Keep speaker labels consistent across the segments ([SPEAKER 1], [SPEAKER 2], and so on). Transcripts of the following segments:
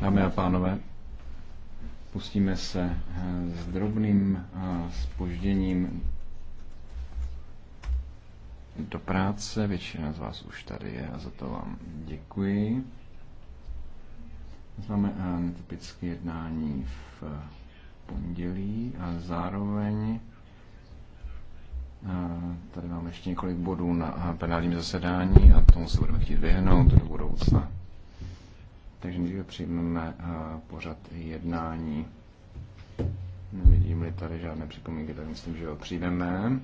[SPEAKER 1] Dámy a pánové, pustíme se eh, s drobným spožděním eh, do práce. Většina z vás už tady je a za to vám děkuji. Máme eh, netypické jednání v pondělí a zároveň Tady máme ještě několik bodů na plenárním zasedání a tomu se budeme chtít vyhnout do budoucna. Takže nejdříve přijmeme pořad jednání. Nevidím-li tady žádné připomínky, tak myslím, že ho přijmeme.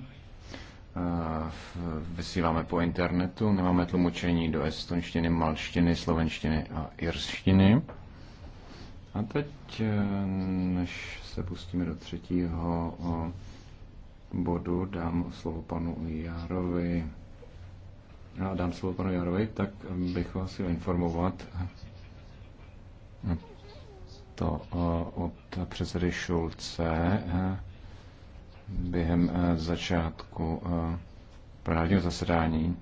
[SPEAKER 1] Vysíláme po internetu, nemáme tlumočení do estonštiny, malštiny, slovenštiny a irštiny. A teď, než se pustíme do třetího bodu dám slovo panu Jarovi. Já dám slovo panu Jarovi, tak bych vás chtěl informovat to eh, od předsedy Šulce eh, během eh, začátku právního zasedání.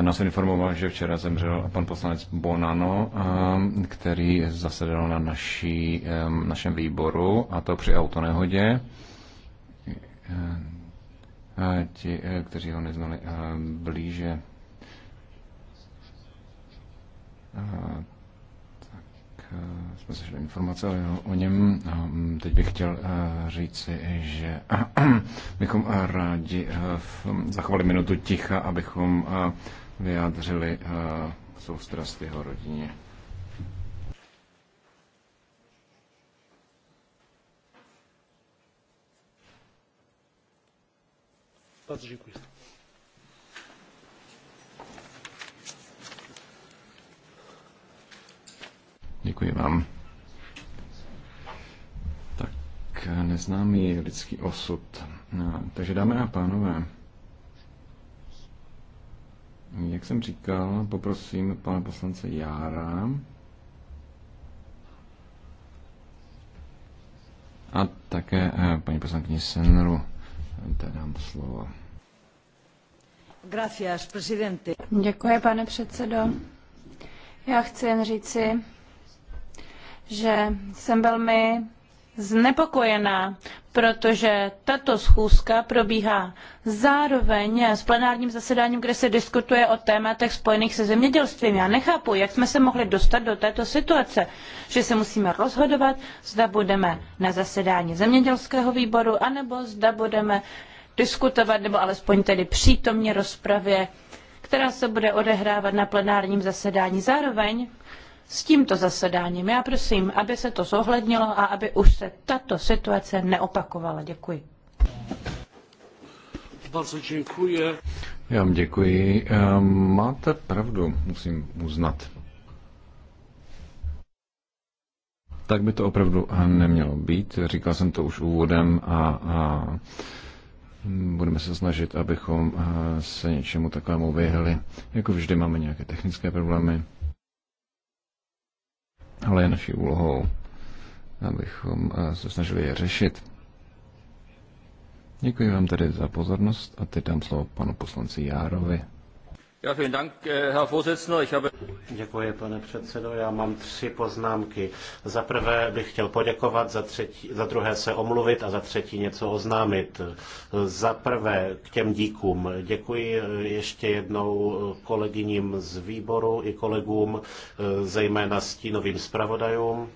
[SPEAKER 1] Nás informoval, že včera zemřel pan poslanec Bonano, který zasedal na naší, našem výboru, a to při autonehodě. Eh, eh, ti, eh, kteří ho neznali blíže. Tak jsme sešli informace o něm. Mm, teď bych chtěl říci, že bychom rádi zachovali minutu ticha, abychom vyjádřili soustrast jeho rodině. Bardzo dziękuję. Dziękuję Wam. Tak neznámý lidský osud. No, takže dámy a pánové, jak jsem říkal, poprosím pana poslance Jára. A také eh, paní poslankyni Senru, dám slovo.
[SPEAKER 2] Děkuji, pane předsedo. Já chci jen říci, že jsem velmi znepokojená, protože tato schůzka probíhá zároveň s plenárním zasedáním, kde se diskutuje o tématech spojených se zemědělstvím. Já nechápu, jak jsme se mohli dostat do této situace, že se musíme rozhodovat, zda budeme na zasedání zemědělského výboru, anebo zda budeme diskutovat, nebo alespoň tedy přítomně rozpravě, která se bude odehrávat na plenárním zasedání. Zároveň s tímto zasedáním já prosím, aby se to zohlednilo a aby už se tato situace neopakovala. Děkuji.
[SPEAKER 3] Bardzo děkuji.
[SPEAKER 1] Já vám děkuji. Eh, máte pravdu, musím uznat. Tak by to opravdu eh, nemělo být. Říkal jsem to už úvodem a, a Budeme se snažit, abychom eh, se něčemu takovému vyhli. Jako vždy máme nějaké technické problémy, ale je naší úlohou, abychom eh, se snažili je řešit. Děkuji vám tedy za pozornost a teď dám slovo panu poslanci Járovi.
[SPEAKER 3] Äh, Děkuji, pane předsedo. Já mám tři poznámky. Za prvé bych chtěl poděkovat, za, třetí, za druhé se omluvit a za třetí něco oznámit. Za prvé k těm díkům. Děkuji e, ještě jednou kolegyním z výboru i kolegům, e, zejména stínovým zpravodajům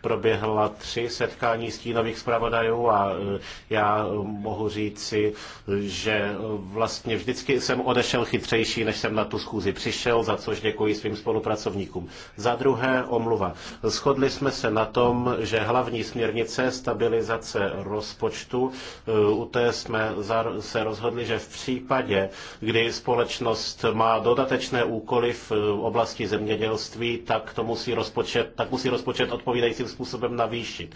[SPEAKER 3] proběhla tři setkání stínových zpravodajů a e, já e, mohu říci, že e, vlastně vždycky jsem odešel chytřejší, než jsem na tu schůzi přišel, za což děkuji svým spolupracovníkům. Za druhé omluva. Shodli jsme se na tom, že hlavní směrnice stabilizace rozpočtu, u té jsme se rozhodli, že v případě, kdy společnost má dodatečné úkoly v oblasti zemědělství, tak to musí rozpočet, tak musí rozpočet odpovídajícím způsobem navýšit.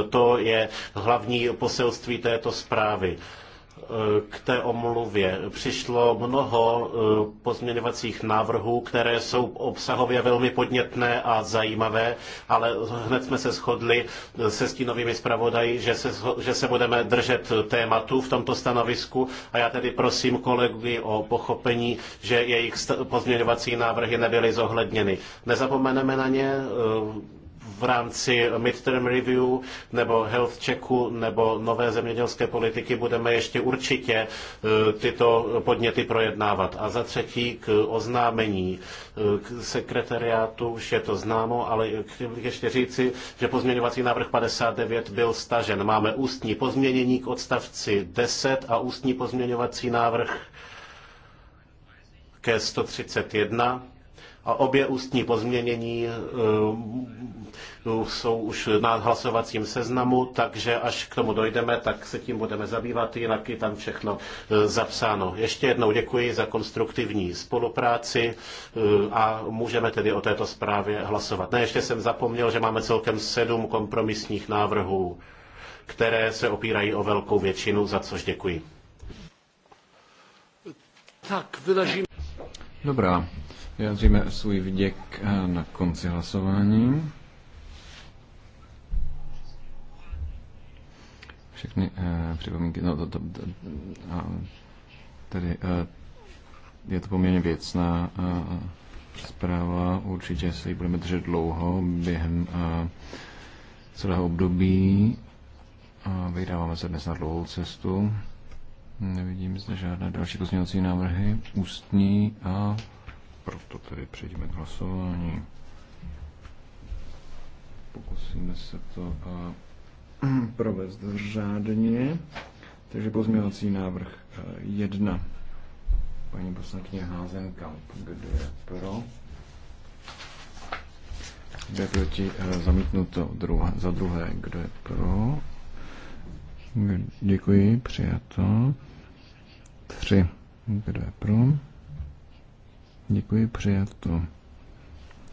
[SPEAKER 3] Eh, to je hlavní poselství této zprávy eh, k té omluvě. Přišlo mnoho eh, pozměňovacích návrhů, které jsou obsahově velmi podnětné a zajímavé, ale hned jsme se shodli se stínovými zpravodaji, že se, že se budeme držet tématu v tomto stanovisku a já tedy prosím kolegy o pochopení, že jejich pozměňovací návrhy nebyly zohledněny. Nezapomeneme na ně, v rámci midterm review nebo health checku nebo nové zemědělské politiky budeme ještě určitě e, tyto podněty projednávat. A za třetí k oznámení e, k sekretariátu, už je to známo, ale chtěl bych ještě říci, že pozměňovací návrh 59 byl stažen. Máme ústní pozměnění k odstavci 10 a ústní pozměňovací návrh ke 131 a obě ústní pozměnění eh, jsou už na hlasovacím seznamu, takže až k tomu dojdeme, tak se tím budeme zabývat, jinak je tam všechno eh, zapsáno. Ještě jednou děkuji za konstruktivní spolupráci eh, a můžeme tedy o této zprávě hlasovat. Ne, ještě jsem zapomněl, že máme celkem sedm kompromisních návrhů, které se opírají o velkou většinu, za což děkuji. Tak, vyležím.
[SPEAKER 1] Dobrá, Vyjádříme svůj vděk eh, na konci hlasování. Všechny eh, připomínky, no to, to, to a, tady eh, je to poměrně věcná eh, zpráva, určitě se ji budeme držet dlouho během eh, celého období. A vydáváme se dnes na dlouhou cestu. Nevidím zde žádné další pozměňovací návrhy, ústní a proto tedy přejdeme k hlasování. Pokusíme se to a provést řádně. Takže pozměňovací návrh 1. E, Paní poslankyně Házenka, kdo je pro? Kdo je proti? E, zamítnuto druhé, za druhé. Kdo je pro? Děkuji, přijato. Tři. Kdo je pro? Děkuji, přijato.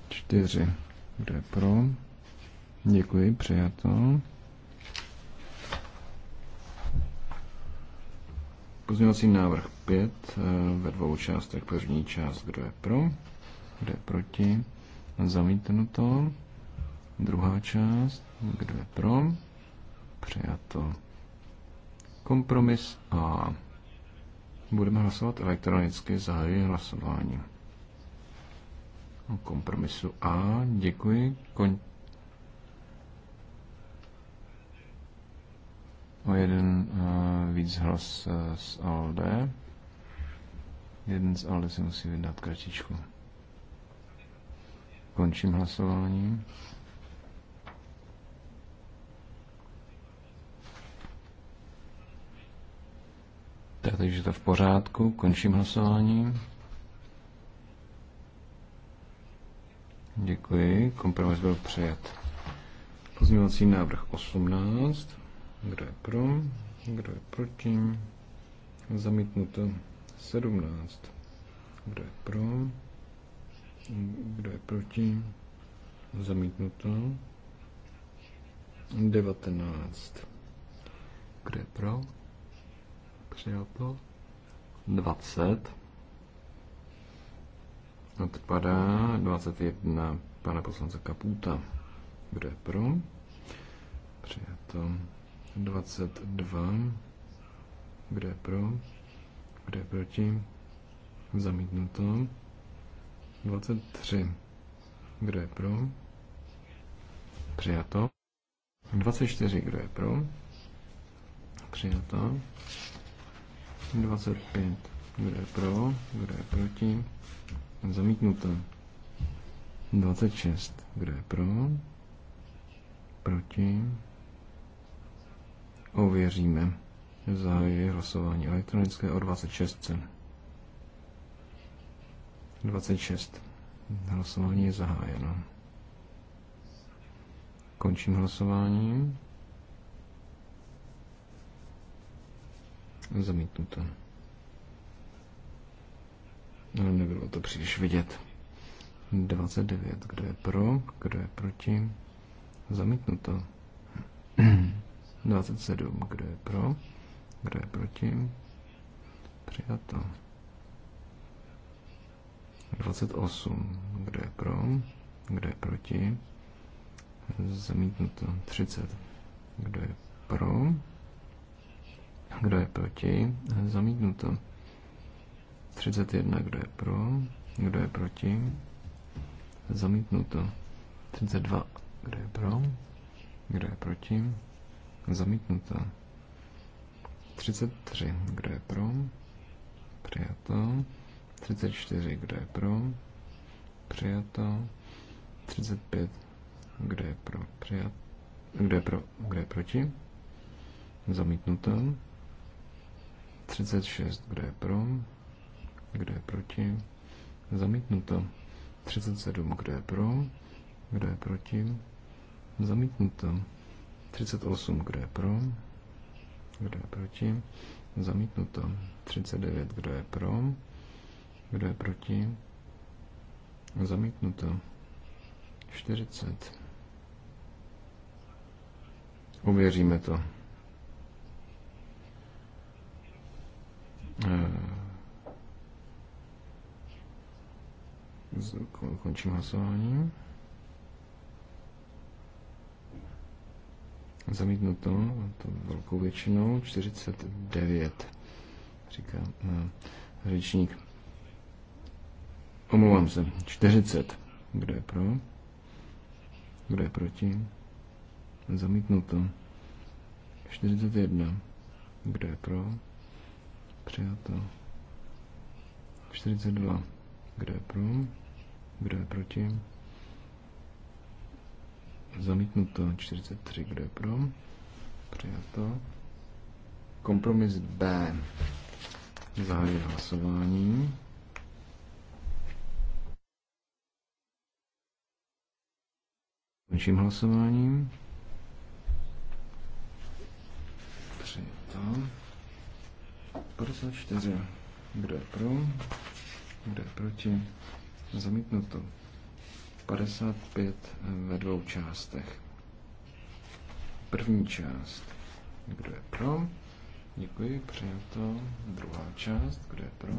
[SPEAKER 1] Čtyři. Kdo je pro? Děkuji, přijato. Pozměňovací návrh 5 eh, ve dvou částech. První část, kdo je pro, kdo je proti, zamítnuto. Druhá část, kdo je pro, přijato. Kompromis A. Budeme hlasovat elektronicky, zahajuji hlasování kompromisu A. Děkuji. Kon... O jeden uh, víc hlas uh, z ALD. Jeden z ALD si musí vydat kratičku. Končím hlasování. Tak, takže to v pořádku. Končím hlasování. Děkuji. Kompromis byl přijat. Pozměňovací návrh 18. Kdo je pro? Kdo je proti? Zamítnuto 17. Kdo je pro? Kdo je proti? Zamítnuto 19. Kdo je pro? Přijato 20 odpadá. 21 pana poslance Kaputa. Kdo je pro? Přijato. 22. Kdo je pro? Kdo je proti? Zamítnuto. 23. Kdo je pro? Přijato. 24. Kdo je pro? Přijato. 25. Kdo je pro? Kdo je proti? Zamítnuto. 26. Kdo je pro? Proti? Ověříme. Zahajuji hlasování elektronické o 26. 26. Hlasování je zahájeno. Končím hlasování. Zamítnuto. No, nebylo to příliš vidět. 29. Kdo je pro? Kdo je proti? Zamítnuto. 27. Kdo je pro? Kdo je proti? Přijato. 28. Kdo je pro? Kdo je proti? Zamítnuto. 30. Kdo je pro? Kdo je proti? Zamítnuto. 31, kdo je pro, kdo je proti, zamítnuto. 32, kdo je pro, kdo je proti, zamítnuto. 33, kdo je pro, přijato. 34, kdo je pro, přijato. 35, kdo je pro, přijato, kdo je pro, kdo je proti, zamítnuto. 36, kdo je pro, kdo je proti, zamítnuto. 37, kdo je pro, kdo je proti, zamítnuto. 38, kdo je pro, kdo je proti, zamítnuto. 39, kdo je pro, kdo je proti, zamítnuto. 40. Uvěříme to. Eh, Končím hlasování. Zamítnuto to velkou většinou 49, říká eh, řečník. Omlouvám se, 40. Kdo je pro? Kdo je proti? Zamítnuto. 41. Kdo je pro? Přijato. 42. Kdo je pro? Kdo je proti? Zamítnuto 43. Kdo je pro? Přijato. Kompromis B. Zahajuji hlasování. Končím hlasováním. Přijato. 54. Kdo je pro? bude proti, zamítnuto. 55 eh, ve dvou částech. První část, kdo je pro, děkuji, přijato. Druhá část, kdo je pro,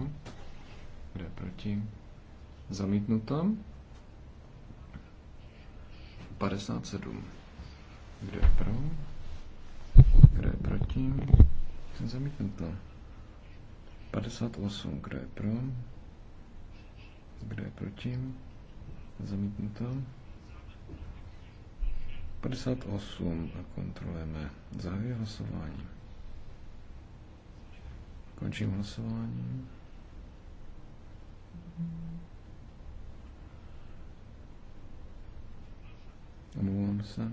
[SPEAKER 1] kdo je proti, zamítnuto. 57. Kdo je pro? Kdo je proti? Zamítnuto. 58. Kdo je pro? Kdo je proti? Zamítnuto. 58 a kontrolujeme. Zahajuji hlasování. Končím hlasování. Omlouvám se.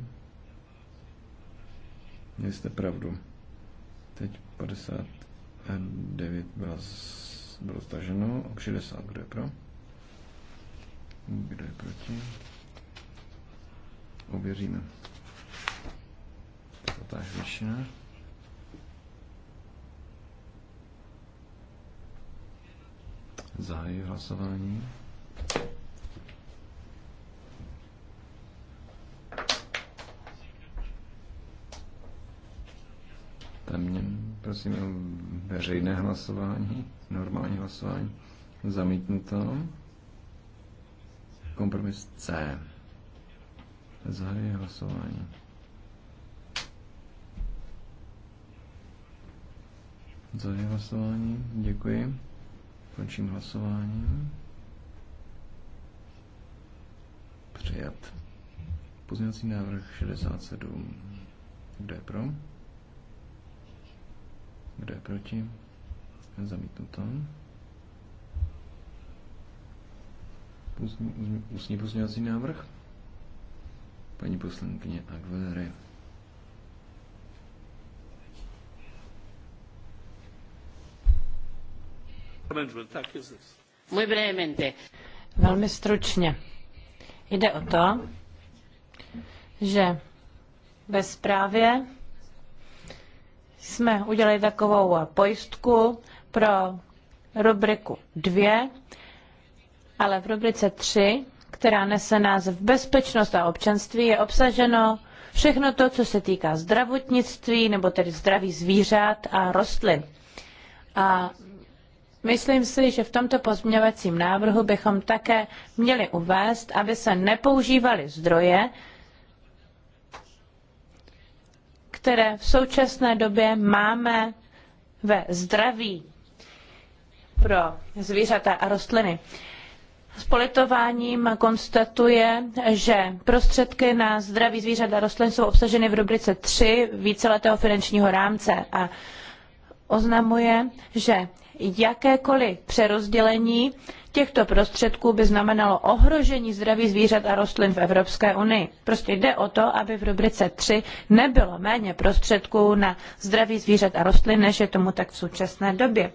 [SPEAKER 1] Měli jste pravdu. Teď 59 bylo, bylo staženo, 60, kdo je pro? Kdo je proti? Ověříme. Tatáž většina. Zahajuji hlasování. Tam prosím veřejné hlasování, normální hlasování, zamítnuto. Kompromis C. Zahajuji hlasování. Zahajuji hlasování. Děkuji. Končím hlasování. Přijat. Pozměňovací návrh 67. Kdo je pro? Kdo je proti? Zamítnuto. ústní pozměňovací návrh? Paní poslankyně Aguilery.
[SPEAKER 2] Velmi stručně. Jde o to, že ve zprávě jsme udělali takovou pojistku pro rubriku 2, ale v rubrice 3, která nese název Bezpečnost a občanství, je obsaženo všechno to, co se týká zdravotnictví, nebo tedy zdraví zvířat a rostlin. A myslím si, že v tomto pozměňovacím návrhu bychom také měli uvést, aby se nepoužívaly zdroje, které v současné době máme ve zdraví pro zvířata a rostliny s politováním konstatuje, že prostředky na zdraví zvířat a rostlin jsou obsaženy v rubrice 3 víceletého finančního rámce a oznamuje, že jakékoliv přerozdělení těchto prostředků by znamenalo ohrožení zdraví zvířat a rostlin v Evropské unii. Prostě jde o to, aby v rubrice 3 nebylo méně prostředků na zdraví zvířat a rostlin, než je tomu tak v současné době.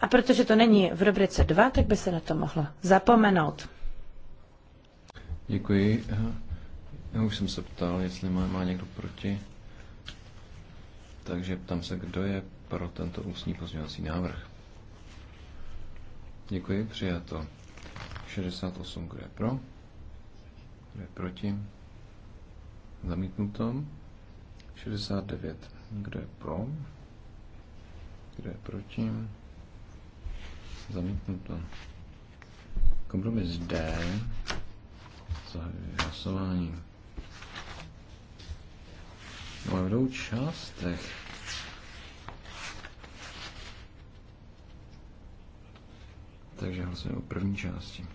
[SPEAKER 2] A protože to není v rubrice 2, tak by se na to mohlo zapomenout.
[SPEAKER 1] Děkuji. Já už jsem se ptal, jestli má, má někdo proti. Takže ptám se, kdo je pro tento ústní pozměňovací návrh. Děkuji, přijato. 68, kdo je pro? Kdo je proti? Zamítnuto. 69, kdo je pro? Kdo je proti? Zamítnuto. Kompromis D. Zahajuji hlasování. No v dvou částech. Takže hlasujeme o první části.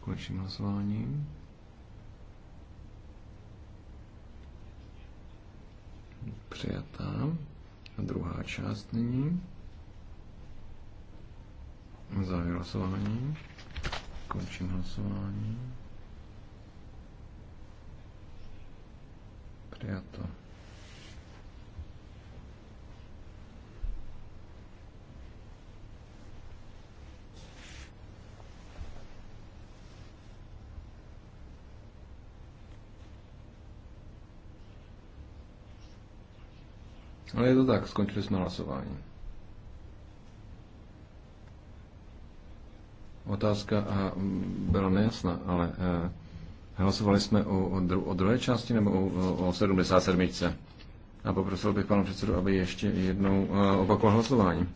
[SPEAKER 1] Končím hlasováním. Přijatá. A druhá část nyní. Zahajuji hlasování. Končím hlasování. Přijato. Ale je to tak, skončili jsme hlasování. otázka mm, byla nejasná, ale e, hlasovali jsme o, o druhé části nebo o, o 77. A poprosil bych pana předsedu, aby ještě jednou e, opakoval hlasování.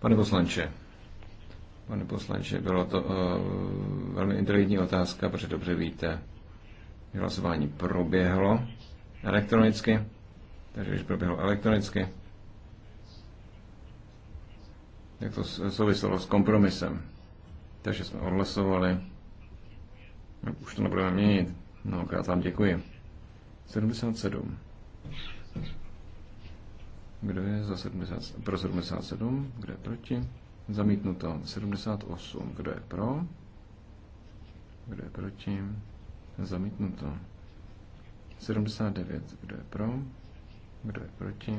[SPEAKER 1] Pane poslanče, pane poslanče, bylo to uh, velmi inteligentní otázka, protože dobře víte, že hlasování proběhlo elektronicky, takže když proběhlo elektronicky, jak to souviselo s kompromisem. Takže jsme odhlasovali. No, už to nebudeme měnit. já vám děkuji. 77. Kdo je za 70, pro 77? Kdo je proti? Zamítnuto 78. Kdo je pro? Kdo je proti? Zamítnuto 79. Kdo je pro? Kdo je proti?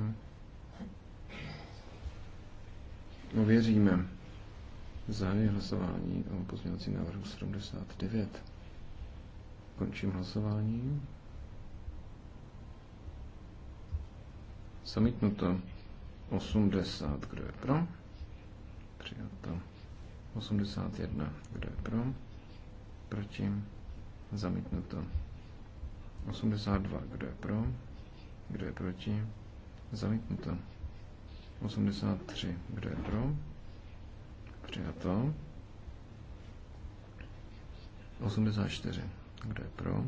[SPEAKER 1] Ověříme. No, Zahajuji hlasování o pozměňovacím návrhu 79. Končím hlasování. Zamítnuto 80. Kdo je pro? Přijato 81. Kdo je pro? Proti? Zamítnuto 82. Kdo je pro? Kdo je proti? Zamítnuto 83. Kdo je pro? Přijato. 84. Eh, Kdo je pro?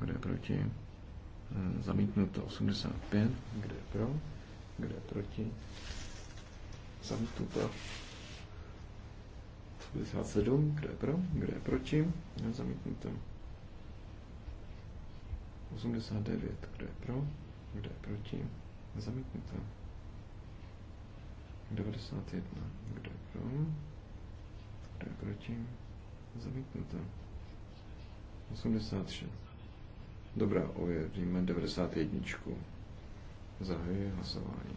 [SPEAKER 1] Kdo je proti? Zamítnuto 85. Kdo je pro? Kdo je proti? Zamítnuto 87. Kdo je pro? Kdo je proti? Zamítnuto 89. Kdo je pro? Kdo je proti? Zamítnuto 91. Kdo je pro? Kdo je proti? Zamítnuto. 86. Dobrá, ověříme 91. Zahajuji hlasování.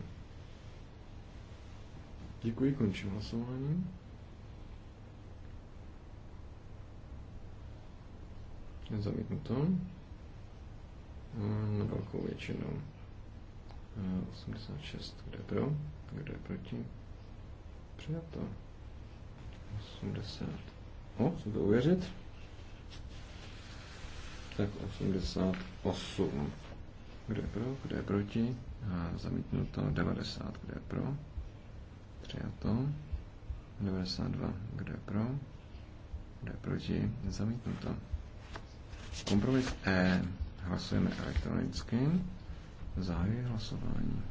[SPEAKER 1] Děkuji, končím hlasování. Zamítnuto. Na velkou většinu. 86, eh, kde pro? Kdo je proti? Přijato. 80. O, co to uvěřit. Tak 88. Kdo je pro? Kdo je proti? A zamítnuto 90. Kdo je pro? Přijato. 92. Kdo je pro? Kdo je proti? Zamítnuto. Kompromis E. Hlasujeme elektronicky. Zahajuji hlasování.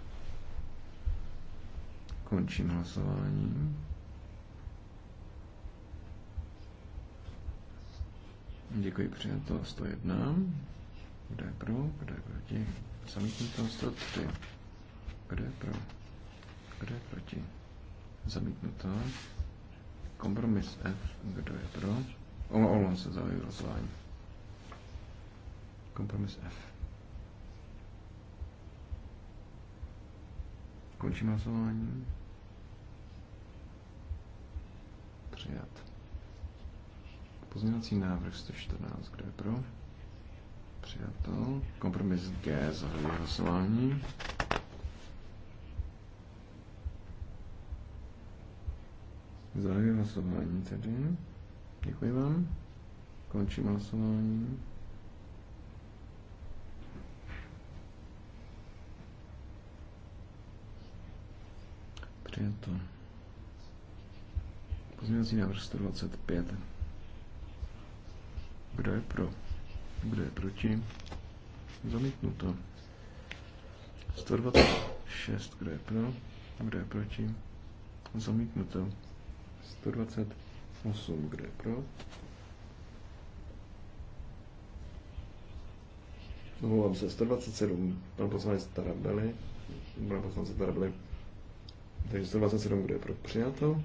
[SPEAKER 1] Končím hlasování. Děkuji, přijato 101. Kdo je pro, kdo je proti? Zamítnuto 103. Kdo je pro, kdo je proti? Zamítnuto. Kompromis F. Kdo je pro? Omlouvám se za hlasování. Kompromis F. Končím hlasování. Přijat. Pozměňovací návrh 114, kdo je pro? Přijato. Kompromis G, zahajuji hlasování. Zahajuji hlasování tedy. Děkuji vám. Končím hlasování. to. Pozměňovací návrh 125. Kdo je pro? Kdo je proti? Zamítnuto. 126. Kdo je pro? Kdo je proti? Zamítnuto. 128. Kdo je pro? Omlouvám se, 127. Pan poslanec Tarabely. Pan poslanec Tarabely takže 127 bude pro přijato.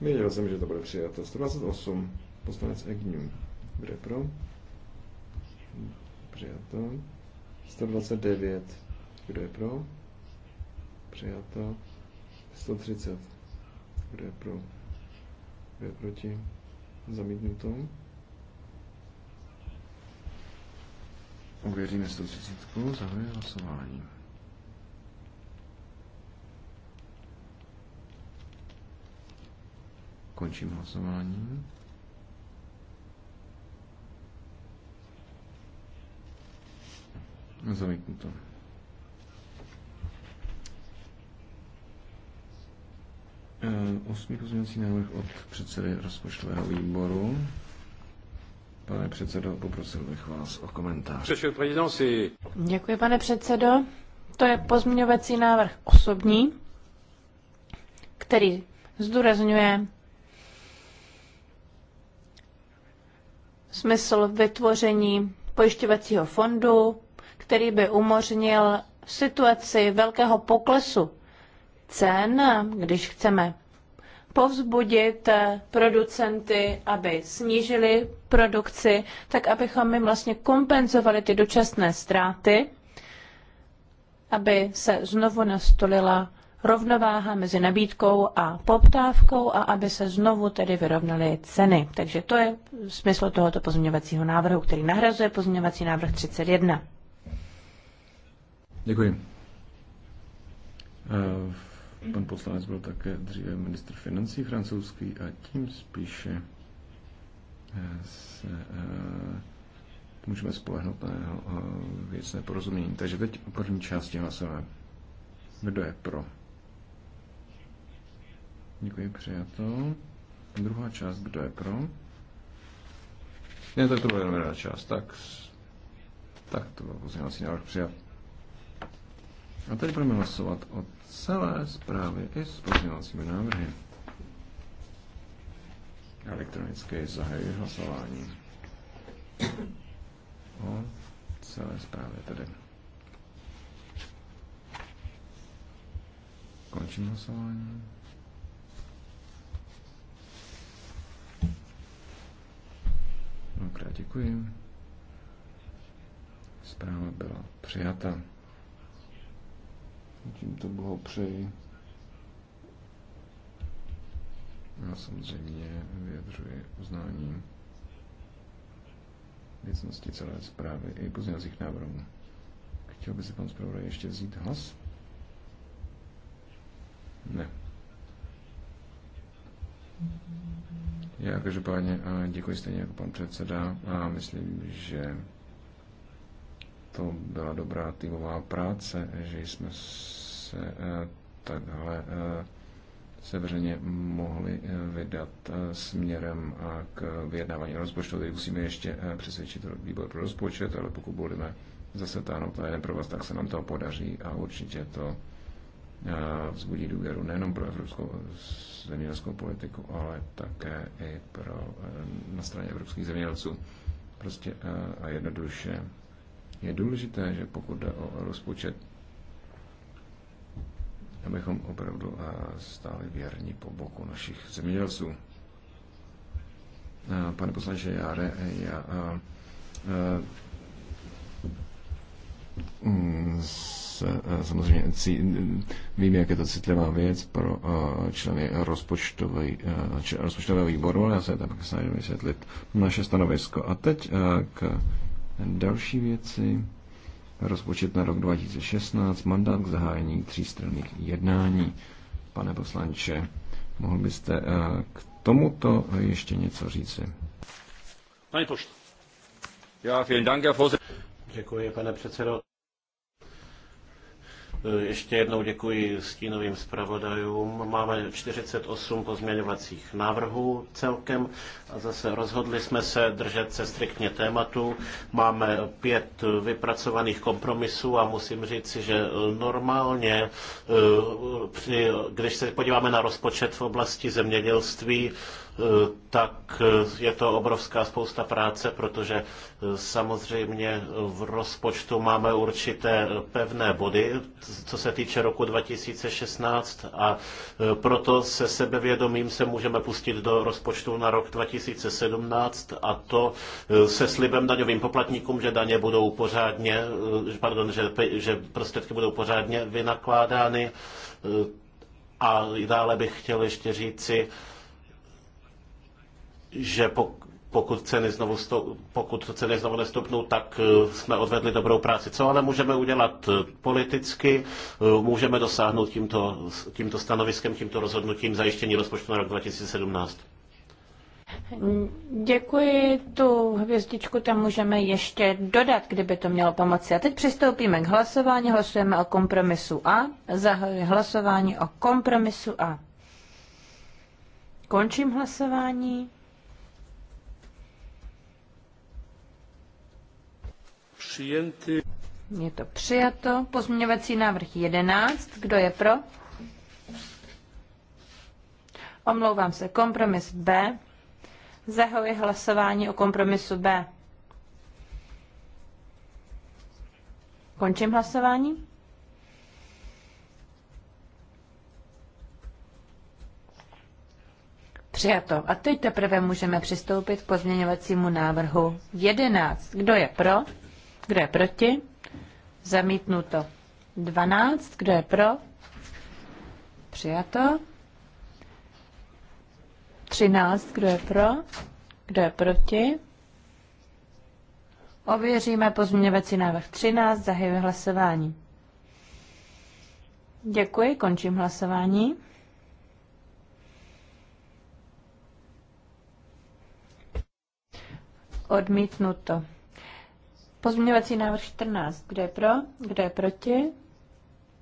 [SPEAKER 1] Věděl jsem, že to bude přijato. 128. Poslanec Egňů bude pro. Přijato. 129. Kdo je pro? Přijato. 130. Kdo je pro? Kdo je proti? Zamítnuto. Uvěříme 130. Zahajuji hlasování. Končím hlasování. Zamítnuto. E, osmý pozměňovací návrh od předsedy rozpočtového výboru. Pane předsedo, poprosil bych vás o komentář.
[SPEAKER 2] Děkuji, pane předsedo. To je pozměňovací návrh osobní, který zdůrazňuje smysl vytvoření pojišťovacího fondu, který by umožnil situaci velkého poklesu cen, když chceme povzbudit producenty, aby snížili produkci, tak abychom jim vlastně kompenzovali ty dočasné ztráty, aby se znovu nastolila rovnováha mezi nabídkou a poptávkou a aby se znovu tedy vyrovnaly ceny. Takže to je smysl tohoto pozměňovacího návrhu, který nahrazuje pozměňovací návrh 31.
[SPEAKER 1] Děkuji. Eh, pan poslanec byl také dříve ministr financí francouzský a tím spíše eh, se eh, můžeme spolehnout na jeho věcné porozumění. Takže teď první části hlasování. Kdo je pro? Děkuji, přijato. Druhá část, kdo je pro? Ne, to, to byla jenom jedna část, tak, tak to byl pozměňovací návrh přijat. A tady budeme hlasovat o celé zprávě i s pozměňovacími návrhy. Elektronické zahajuji hlasování. O celé zprávě tedy. Končím hlasování. Mnohokrát děkuji. Zpráva byla přijata. Tímto blahopřeji. Já samozřejmě vyjadřuji uznání věcnosti celé zprávy i pozdějících návrhů. Chtěl by si pan zpravodaj ještě vzít hlas? Ne. Já každopádně děkuji stejně jako pan předseda a myslím, že to byla dobrá týmová práce, že jsme se e, takhle e, severně mohli e, vydat směrem k vyjednávání rozpočtu. Teď musíme ještě přesvědčit výbor pro rozpočet, ale pokud budeme zase táhnout na jeden pro vás, tak se nám to podaří a určitě to vzbudí důvěru nejenom pro evropskou zemědělskou politiku, ale také i pro, eh, na straně evropských zemědělců. Prostě eh, a jednoduše je důležité, že pokud jde o rozpočet, abychom opravdu eh, stáli věrní po boku našich zemědělců. Pane poslanče Járe, já, a, já mm, Eh, samozřejmě vím, jak je to citlivá věc pro eh, členy eh, rozpočtového výboru, ale já se tam snažím vysvětlit naše stanovisko. A teď k další věci. Rozpočet na rok 2016, mandát k zahájení třístranných jednání. Pane poslanče, mohl byste k tomuto ještě něco říci?
[SPEAKER 3] Pane poště. Já, vielen Dank, Herr Děkuji, pane předsedo. Eh, ještě jednou děkuji stínovým zpravodajům. Máme 48 pozměňovacích návrhů celkem a zase rozhodli jsme se držet se striktně tématu. Máme pět vypracovaných kompromisů a musím říct, že normálně, eh, když se podíváme na rozpočet v oblasti zemědělství, Eh, tak eh, je to obrovská spousta práce, protože eh, samozřejmě v rozpočtu máme určité pevné body, co se týče roku 2016 a proto se sebevědomím se můžeme pustit do rozpočtu na rok 2017 a to se slibem daňovým poplatníkům, že daně budou pořádně, pardon, že, že prostředky budou pořádně vynakládány. A dále bych chtěl ještě říci, že pokud ceny znovu, stou, pokud ceny znovu nestoupnou, tak eh, jsme odvedli dobrou práci. Co ale můžeme udělat eh, politicky? Eh, můžeme dosáhnout tímto, tímto stanoviskem, tímto rozhodnutím zajištění rozpočtu na rok 2017?
[SPEAKER 2] Děkuji, tu hvězdičku tam můžeme ještě dodat, kdyby to mělo pomoci. A teď přistoupíme k hlasování, hlasujeme o kompromisu A, zahajuji hlasování o kompromisu A. Končím hlasování.
[SPEAKER 3] přijenty.
[SPEAKER 2] Je to přijato. Pozměňovací návrh 11. Kdo je pro? Omlouvám se. Kompromis B. Zahoji hlasování o kompromisu B. Končím hlasování. Přijato. A teď teprve můžeme přistoupit k pozměňovacímu návrhu 11. Kdo je pro? Kdo je proti? Zamítnuto. 12. Kdo je pro? Přijato. 13. Kdo je pro? Kdo je proti? Ověříme pozměňovací návrh 13. Zahajuji hlasování. Děkuji, končím hlasování. Odmítnuto. Pozměňovací návrh 14. Kdo je pro? Kdo je proti?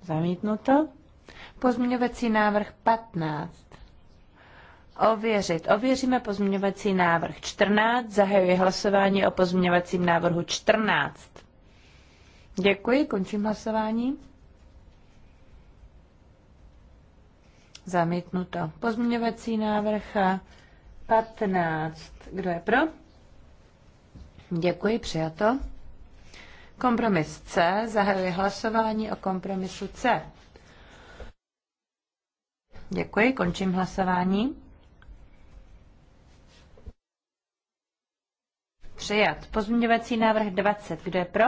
[SPEAKER 2] Zamítnuto. Pozměňovací návrh 15. Ověřit. Ověříme pozměňovací návrh 14. Zahajuji hlasování o pozměňovacím návrhu 14. Děkuji, končím hlasování. Zamítnuto. Pozměňovací návrh 15. Kdo je pro? Děkuji, přijato. Kompromis C. zahajuje hlasování o kompromisu C. Děkuji, končím hlasování. Přijat. Pozměňovací návrh 20. Kdo je pro?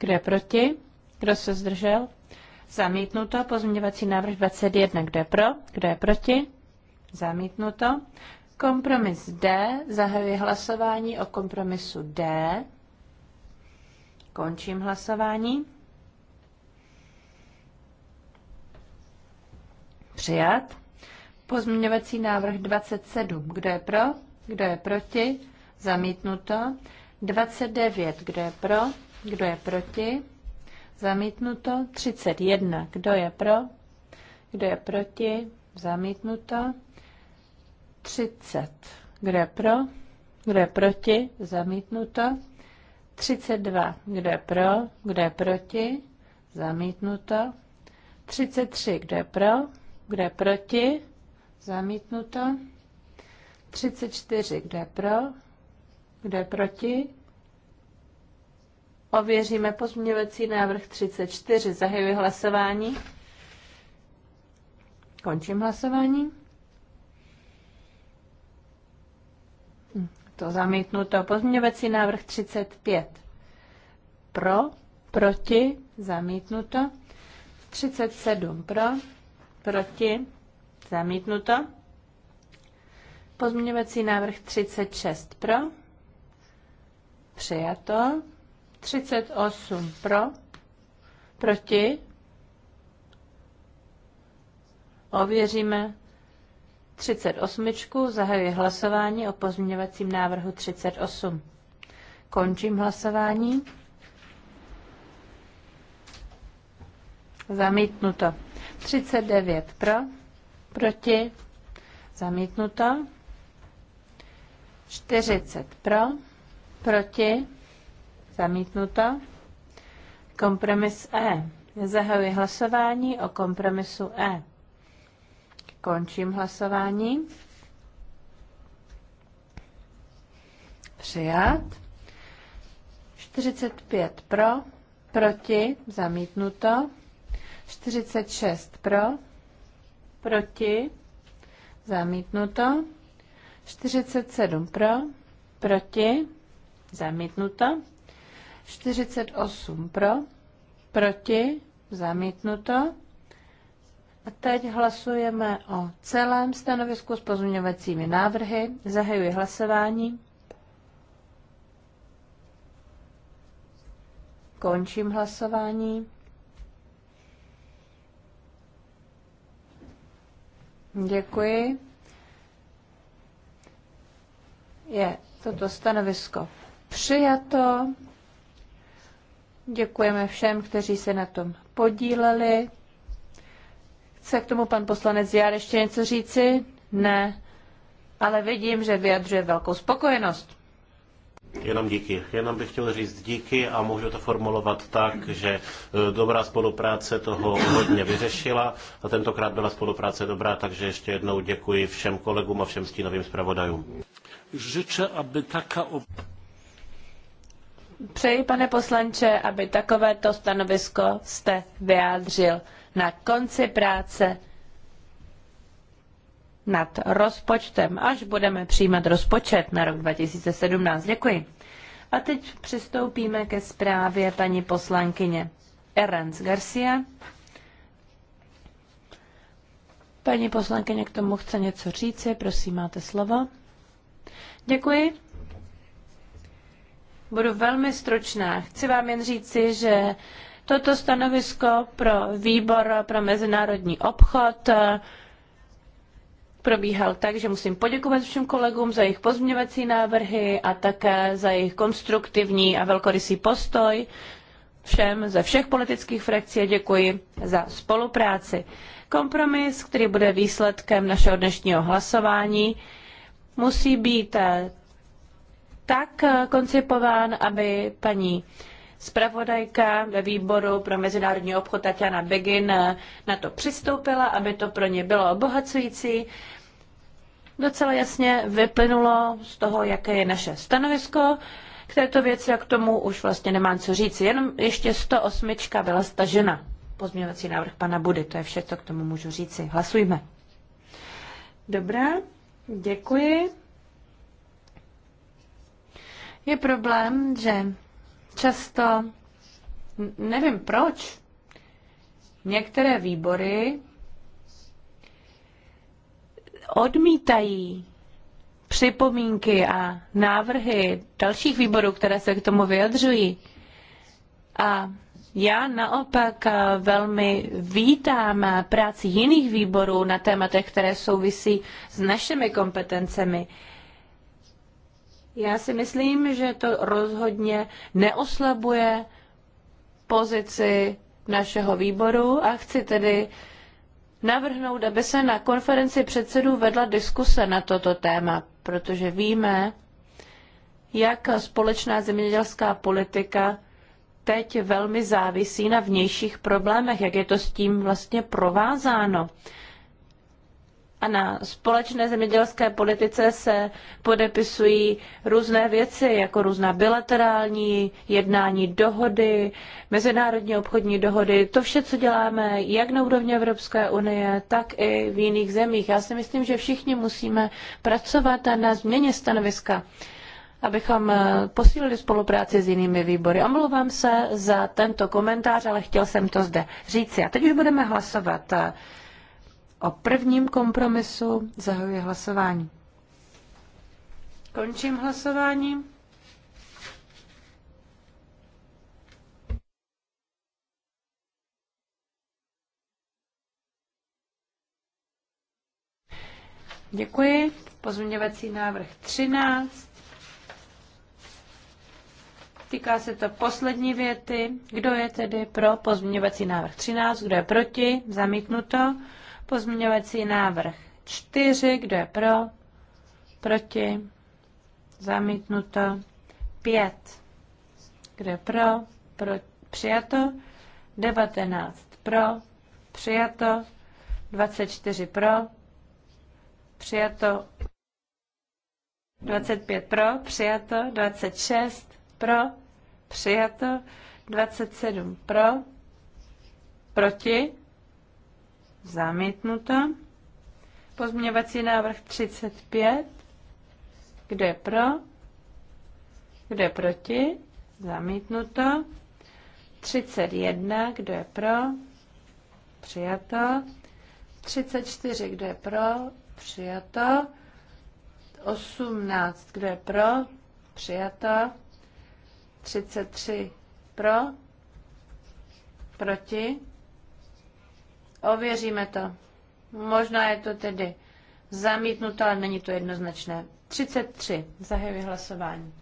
[SPEAKER 2] Kdo je proti? Kdo se zdržel? Zamítnuto. Pozměňovací návrh 21. Kdo je pro? Kdo je proti? Zamítnuto. Kompromis D. Zahajuji hlasování o kompromisu D. Končím hlasování. Přijat. Pozměňovací návrh 27. Kdo je pro? Kdo je proti? Zamítnuto. 29. Kdo je pro? Kdo je proti? Zamítnuto. 31. Kdo je pro? Kdo je proti? Zamítnuto. 30. Kdo je pro? Kdo je proti? Zamítnuto. 32. Kdo je pro? Kdo je proti? Zamítnuto. 33. Kdo je pro? Kdo je proti? Zamítnuto. 34. Kdo je pro? Kdo je proti? Ověříme pozměňovací návrh 34. Zahajuji hlasování. Končím hlasování to zamítnuto. Pozměňovací návrh 35. Pro, proti, zamítnuto. 37 pro, proti, zamítnuto. Pozměňovací návrh 36 pro, přijato. 38 pro, proti, ověříme 38. Zahajuji hlasování o pozměňovacím návrhu 38. Končím hlasování. Zamítnuto. 39 pro, proti, zamítnuto. 40 pro, proti, zamítnuto. Kompromis E. Zahajuji hlasování o kompromisu E. Končím hlasování. Přijat. 45 pro, proti, zamítnuto. 46 pro, proti, zamítnuto. 47 pro, proti, zamítnuto. 48 pro, proti, zamítnuto. A teď hlasujeme o celém stanovisku s pozměňovacími návrhy. Zahajuji hlasování. Končím hlasování. Děkuji. Je toto stanovisko přijato. Děkujeme všem, kteří se na tom podíleli. Chce k tomu pan poslanec Jár ještě něco říci? Ne, ale vidím, že vyjadřuje velkou spokojenost.
[SPEAKER 3] Jenom díky. Jenom bych chtěl říct díky a můžu to formulovat tak, že eh, dobrá spolupráce toho hodně vyřešila a tentokrát byla spolupráce dobrá, takže ještě jednou děkuji všem kolegům a všem stínovým zpravodajům. Žiče, aby taká op-
[SPEAKER 2] Přeji, pane poslanče, aby takovéto stanovisko jste vyjádřil na konci práce nad rozpočtem, až budeme přijímat rozpočet na rok 2017. Děkuji. A teď přistoupíme ke zprávě paní poslankyně Erens Garcia. Paní poslankyně k tomu chce něco říci, prosím, máte slovo. Děkuji. Budu velmi stručná. Chci vám jen říci, že toto stanovisko pro výbor pro mezinárodní obchod eh, probíhal tak, že musím poděkovat všem kolegům za jejich pozměňovací návrhy a také za jejich konstruktivní a velkorysý postoj všem ze všech politických frakcí a děkuji za spolupráci. Kompromis, který bude výsledkem našeho dnešního hlasování, musí být eh, tak eh, koncipován, aby paní Spravodajka ve výboru pro mezinárodní obchod Tatiana Begin na to přistoupila, aby to pro ně bylo obohacující. Docela jasně vyplynulo z toho, jaké je naše stanovisko k této věci a k tomu už vlastně nemám co říct. Jenom ještě 108 byla stažena. Pozměňovací návrh pana Budy, to je vše, co k tomu můžu říci. Hlasujme. Dobrá, děkuji. Je problém, že Často, nevím proč, některé výbory odmítají připomínky a návrhy dalších výborů, které se k tomu vyjadřují. A já naopak velmi vítám práci jiných výborů na tématech, které souvisí s našimi kompetencemi. Já si myslím, že to rozhodně neoslabuje pozici našeho výboru a chci tedy navrhnout, aby se na konferenci předsedů vedla diskuse na toto téma, protože víme, jak společná zemědělská politika teď velmi závisí na vnějších problémech, jak je to s tím vlastně provázáno a na společné zemědělské politice se podepisují různé věci, jako různá bilaterální jednání, dohody, mezinárodní obchodní dohody. To vše, co děláme jak na úrovni Evropské unie, tak i v jiných zemích. Já si myslím, že všichni musíme pracovat na změně stanoviska abychom eh, posílili spolupráci s jinými výbory. Omlouvám se za tento komentář, ale chtěl jsem to zde říci. A teď už budeme hlasovat. O prvním kompromisu zahajuji hlasování. Končím hlasování. Děkuji. Pozměňovací návrh 13. Týká se to poslední věty. Kdo je tedy pro pozměňovací návrh 13? Kdo je proti? Zamítnuto. Pozměňovací návrh 4, kdo je pro, proti, zamítnuto. 5, kdo je pro, pro přijato. 19 pro, přijato. 24 pro, přijato. 25 pro, přijato. 26 pro, přijato. 27 pro, proti, Zamítnuto. Pozměňovací návrh 35. Kdo je pro? Kdo je proti? Zamítnuto. 31. Kdo je pro? Přijato. 34. Kdo je pro? Přijato. 18. Kdo je pro? Přijato. 33. Pro? Proti? Ověříme to. Možná je to tedy zamítnuto, ale není to jednoznačné. 33. Zahajuji hlasování.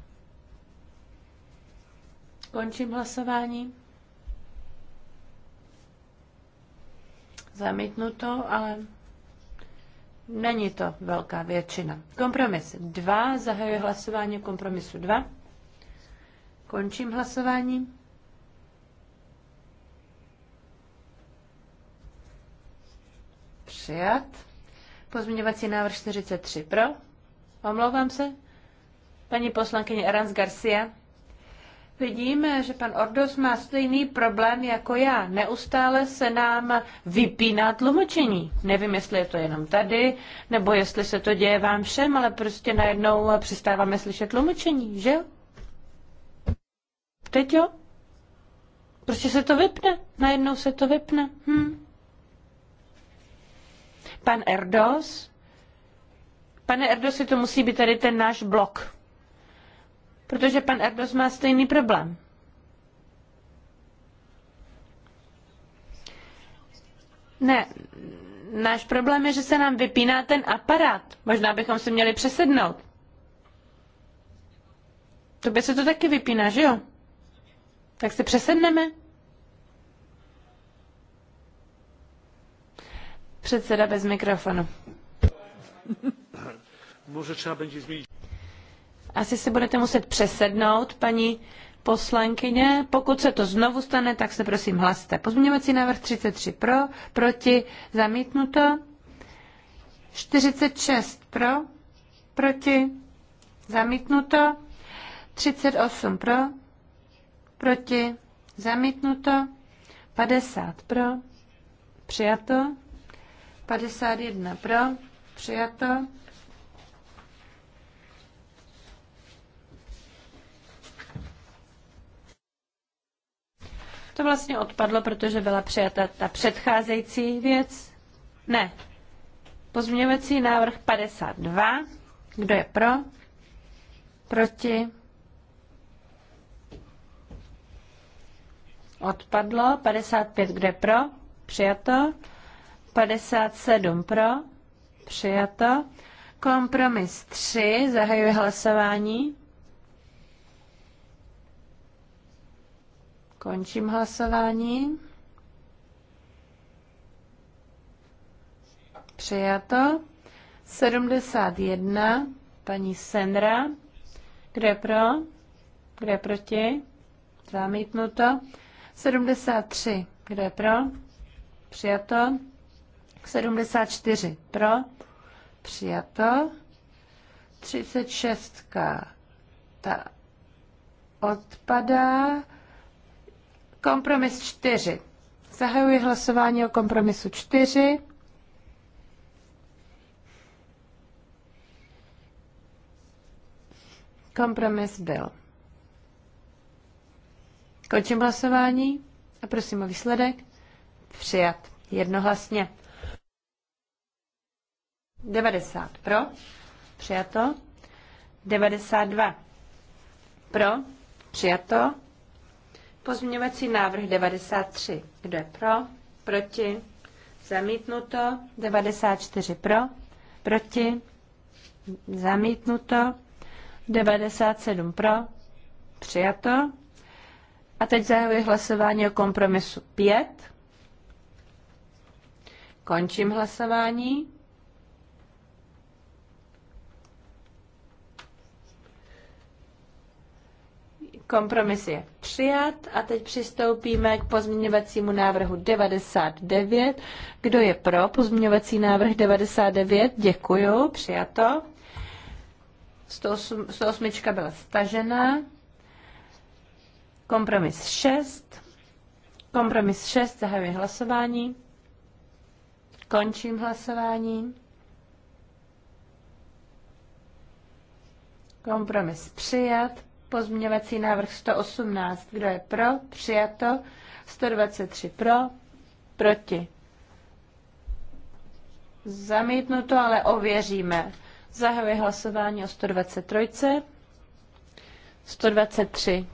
[SPEAKER 2] Končím hlasování. Zamítnuto, ale není to velká většina. Kompromis 2. Zahajuji hlasování kompromisu 2. Končím hlasování. přijat. Pozměňovací návrh 43 pro. Omlouvám se. Paní poslankyně Erans Garcia. Vidíme, že pan Ordos má stejný problém jako já. Neustále se nám vypíná tlumočení. Nevím, jestli je to jenom tady, nebo jestli se to děje vám všem, ale prostě najednou přestáváme slyšet tlumočení, že jo? Teď jo? Prostě se to vypne. Najednou se to vypne. Hm. Pan Erdos? Pane Erdosi, to musí být tady ten náš blok. Protože pan Erdos má stejný problém. Ne, náš problém je, že se nám vypíná ten aparát. Možná bychom si měli přesednout. Tobě se to taky vypíná, že jo? Tak se přesedneme. Předseda bez mikrofonu.
[SPEAKER 3] Může třeba będzie změnit.
[SPEAKER 2] Asi se budete muset přesednout, paní poslankyně. Pokud se to znovu stane, tak se prosím hlaste. Pozměňovací návrh 33 pro, proti, zamítnuto. 46 pro, proti, zamítnuto. 38 pro, proti, zamítnuto. 50 pro, přijato. 51 pro, přijato. To vlastně odpadlo, protože byla přijata ta předcházející věc. Ne. Pozměňovací návrh 52. Kdo je pro? Proti? Odpadlo. 55. Kdo je pro? Přijato. 57 pro, přijato. Kompromis 3, zahajuji hlasování. Končím hlasování. Přijato. 71, paní Senra. Kde pro? Kde proti? Zamítnuto. 73, kde pro? Přijato. 74 pro, přijato. 36 ta odpadá. Kompromis 4. Zahajuji hlasování o kompromisu 4. Kompromis byl. Končím hlasování a prosím o výsledek. Přijat. Jednohlasně. 90 pro, přijato. 92 pro, přijato. Pozměňovací návrh 93. Kdo je pro? Proti? Zamítnuto. 94 pro? Proti? Zamítnuto. 97 pro? Přijato. A teď zahajuji hlasování o kompromisu 5. Končím hlasování. Kompromis je přijat a teď přistoupíme k pozměňovacímu návrhu 99. Kdo je pro pozměňovací návrh 99? Děkuju, přijato. 108, 108 byla stažena. Kompromis 6. Kompromis 6 zahajuje hlasování. Končím hlasování. Kompromis přijat. Pozměňovací návrh 118. Kdo je pro? Přijato. 123 pro. Proti. Zamítnuto, ale ověříme. Zahajuji hlasování o 123. 123.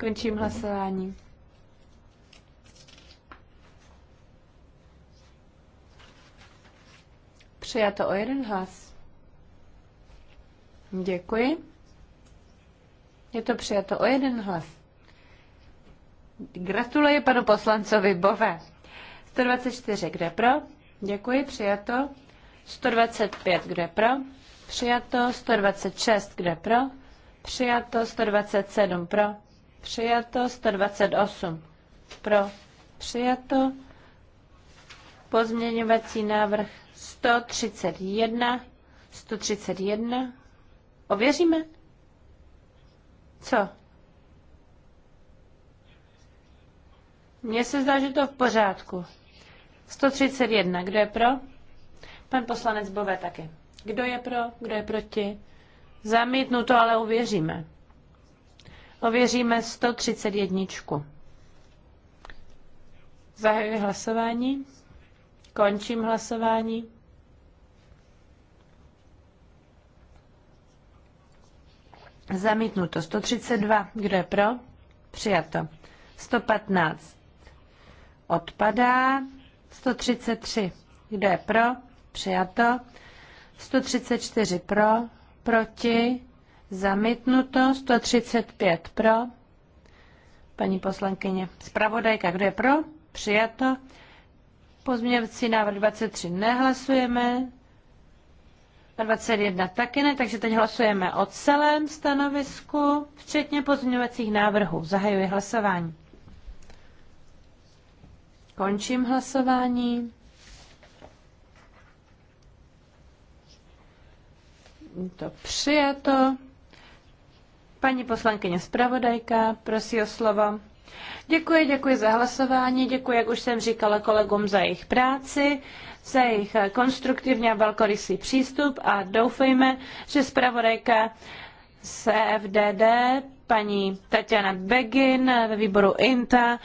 [SPEAKER 2] Končím hlasování. Přijato o jeden hlas. Děkuji. Je to přijato o jeden hlas. Gratuluji panu poslancovi Bové. 124, kde pro? Děkuji, přijato. 125, kde pro? Přijato. 126, kde pro? Přijato. 127, pro? Přijato. 128, pro? Přijato. Pozměňovací návrh 131, 131, Ověříme? Co? Mně se zdá, že to v pořádku. 131. Kdo je pro? Pan poslanec Bové taky. Kdo je pro? Kdo je proti? Zamítnu to, ale uvěříme. Ověříme 131. Zahajuji hlasování. Končím hlasování. Zamítnuto 132. Kdo je pro? Přijato. 115. Odpadá. 133. Kdo je pro? Přijato. 134 pro, proti, zamítnuto. 135 pro. Paní poslankyně, zpravodajka, kdo je pro? Přijato. Pozměňovací návrh 23 nehlasujeme a 21 taky ne, takže teď hlasujeme o celém stanovisku, včetně pozměňovacích návrhů. Zahajuji hlasování. Končím hlasování. To přijato. Paní poslankyně zpravodajka, prosí o slovo. Děkuji, děkuji za hlasování, děkuji, jak už jsem říkala kolegům, za jejich práci za jejich konstruktivní a velkorysý přístup a doufejme, že zpravodajka CFDD, paní Tatiana Begin ve výboru INTA,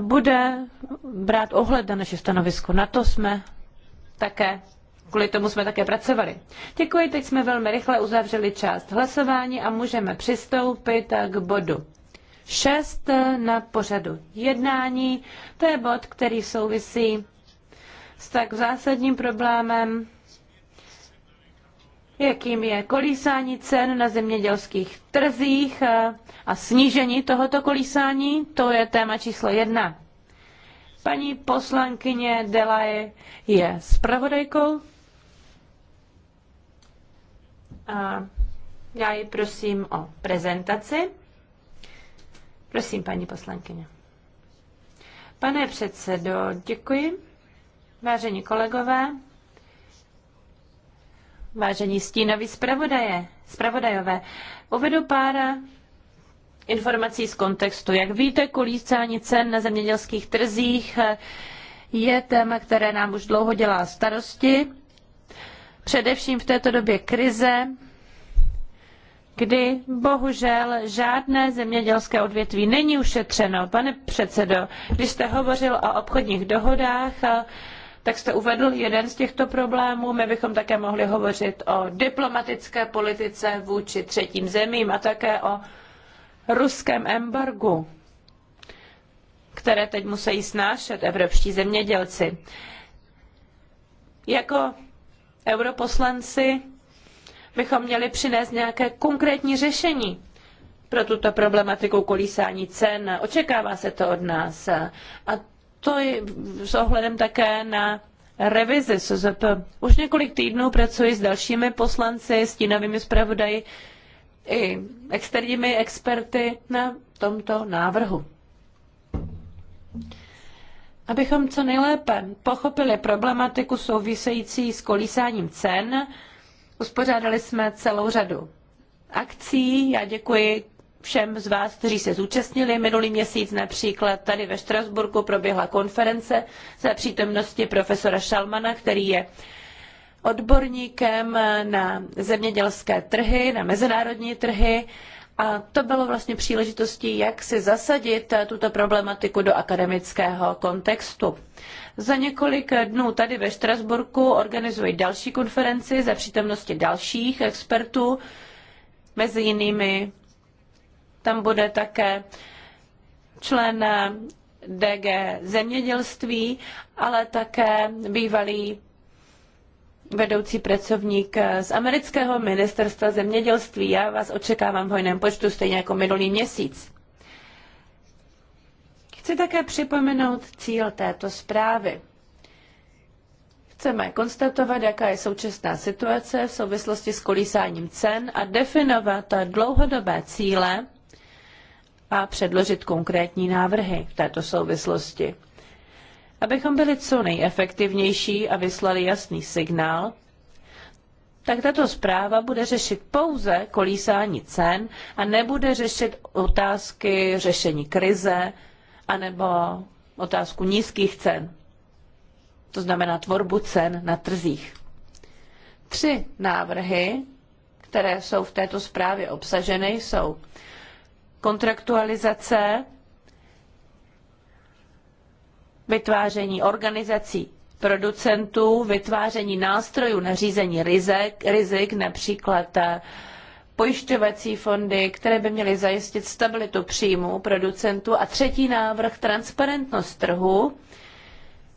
[SPEAKER 2] bude brát ohled na naše stanovisko. Na to jsme také Kvůli tomu jsme také pracovali. Děkuji, teď jsme velmi rychle uzavřeli část hlasování a můžeme přistoupit k bodu 6 na pořadu jednání. To je bod, který souvisí s tak zásadním problémem, jakým je kolísání cen na zemědělských trzích a snížení tohoto kolísání. To je téma číslo jedna. Paní poslankyně Delaje je zpravodajkou. A já ji prosím o prezentaci. Prosím, paní poslankyně. Pane předsedo, děkuji. Vážení kolegové, vážení stínoví zpravodaje, zpravodajové, uvedu pár informací z kontextu. Jak víte, kulícání cen na zemědělských trzích je téma, které nám už dlouho dělá starosti. Především v této době krize, kdy bohužel žádné zemědělské odvětví není ušetřeno. Pane předsedo, když jste hovořil o obchodních dohodách, tak jste uvedl jeden z těchto problémů. My bychom také mohli hovořit o diplomatické politice vůči třetím zemím a také o ruském embargu, které teď musí snášet evropští zemědělci. Jako europoslanci bychom měli přinést nějaké konkrétní řešení pro tuto problematiku kolísání cen. Očekává se to od nás. A to je s ohledem také na revizi SZP. Už několik týdnů pracuji s dalšími poslanci, stínovými zpravodaji i externími experty na tomto návrhu. Abychom co nejlépe pochopili problematiku související s kolísáním cen, uspořádali jsme celou řadu akcí. Já děkuji všem z vás, kteří se zúčastnili. Minulý měsíc například tady ve Štrasburku proběhla konference za přítomnosti profesora Šalmana, který je odborníkem na zemědělské trhy, na mezinárodní trhy. A to bylo vlastně příležitostí, jak si zasadit tuto problematiku do akademického kontextu. Za několik dnů tady ve Štrasburku organizuji další konferenci za přítomnosti dalších expertů, mezi jinými tam bude také člen eh, DG zemědělství, ale také bývalý vedoucí pracovník eh, z amerického ministerstva zemědělství. Já vás očekávám v hojném počtu, stejně jako minulý měsíc. Chci také připomenout cíl této zprávy. Chceme konstatovat, jaká je současná situace v souvislosti s kolísáním cen a definovat dlouhodobé cíle, a předložit konkrétní návrhy v této souvislosti. Abychom byli co nejefektivnější a vyslali jasný signál, tak tato zpráva bude řešit pouze kolísání cen a nebude řešit otázky řešení krize anebo otázku nízkých cen. To znamená tvorbu cen na trzích. Tři návrhy, které jsou v této zprávě obsaženy, jsou kontraktualizace, vytváření organizací producentů, vytváření nástrojů na řízení rizik, rizik například eh, pojišťovací fondy, které by měly zajistit stabilitu příjmu producentů a třetí návrh transparentnost trhu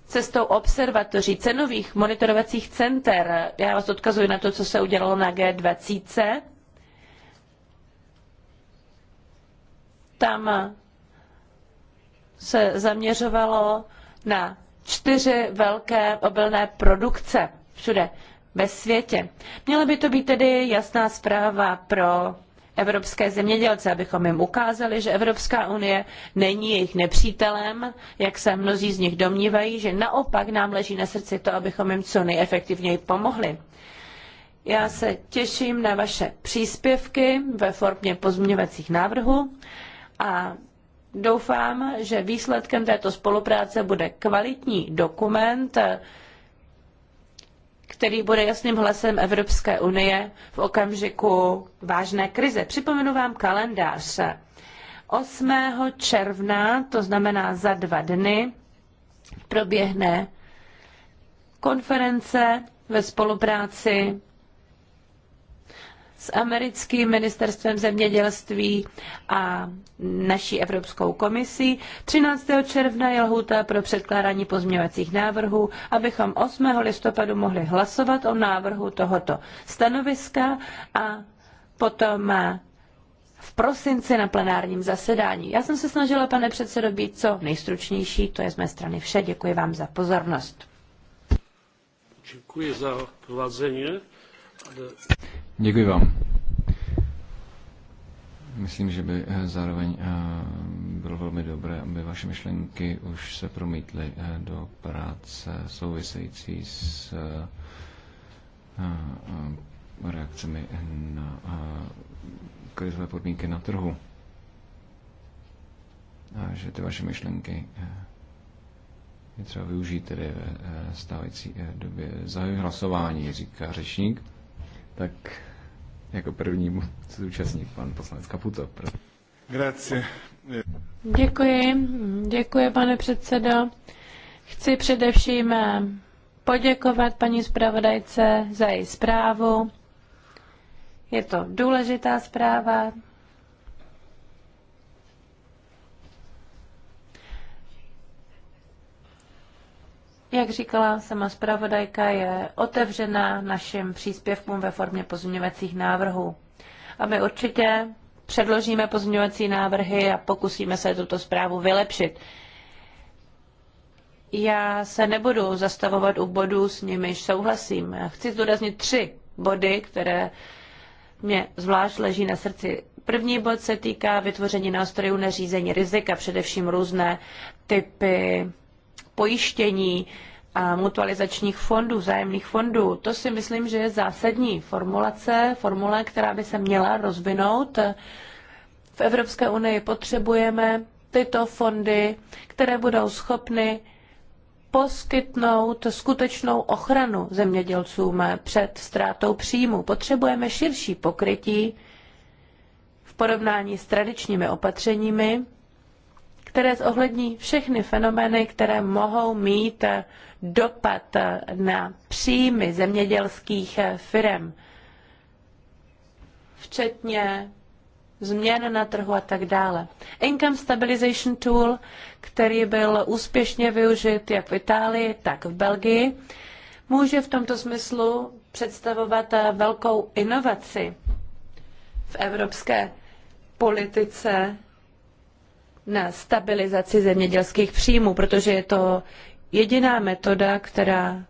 [SPEAKER 2] cestou observatoří cenových monitorovacích center. Já vás odkazuji na to, co se udělalo na G20 tam se zaměřovalo na čtyři velké obilné produkce všude ve světě. Měla by to být tedy jasná zpráva pro evropské zemědělce, abychom jim ukázali, že Evropská unie není jejich nepřítelem, jak se mnozí z nich domnívají, že naopak nám leží na srdci to, abychom jim co nejefektivněji pomohli. Já se těším na vaše příspěvky ve formě pozměňovacích návrhů a doufám, že výsledkem této spolupráce bude kvalitní dokument, který bude jasným hlasem Evropské unie v okamžiku vážné krize. Připomenu vám kalendář. 8. června, to znamená za dva dny, proběhne konference ve spolupráci s americkým ministerstvem zemědělství a naší Evropskou komisí. 13. června je lhůta pro předkládání pozměňovacích návrhů, abychom 8. listopadu mohli hlasovat o návrhu tohoto stanoviska a potom eh, v prosinci na plenárním zasedání. Já jsem se snažila, pane předsedo, být co nejstručnější. To je z mé strany vše. Děkuji vám za pozornost.
[SPEAKER 3] Děkuji za provázení.
[SPEAKER 1] Děkuji vám. Myslím, že by eh, zároveň eh, bylo velmi dobré, aby vaše myšlenky už se promítly eh, do práce související s reakcemi na krizové podmínky na trhu. A že ty vaše myšlenky je třeba využít tedy ve stávající době. Zahajuji hlasování, říká řečník. Tak jako první se zúčastní pan poslanec Kaputo. Grazie.
[SPEAKER 2] Děkuji, děkuji pane předsedo. Chci především eh, poděkovat paní zpravodajce za její zprávu. Je to důležitá zpráva, jak říkala sama zpravodajka, je otevřená našim příspěvkům ve formě pozměňovacích návrhů. A my určitě předložíme pozměňovací návrhy a pokusíme se tuto zprávu vylepšit. Já se nebudu zastavovat u bodů, s nimiž souhlasím. Chci zdůraznit tři body, které mě zvlášť leží na srdci. První bod se týká vytvoření nástrojů na řízení rizika, především různé typy pojištění a mutualizačních fondů, zájemných fondů. To si myslím, že je zásadní formulace, formule, která by se měla rozvinout. V Evropské unii potřebujeme tyto fondy, které budou schopny poskytnout skutečnou ochranu zemědělcům před ztrátou příjmu. Potřebujeme širší pokrytí v porovnání s tradičními opatřeními, které zohlední všechny fenomény, které mohou mít dopad na příjmy zemědělských firm, včetně změn na trhu a tak dále. Income Stabilization Tool, který byl úspěšně využit jak v Itálii, tak v Belgii, může v tomto smyslu představovat velkou inovaci v evropské politice na stabilizaci zemědělských příjmů, protože je to jediná metoda, která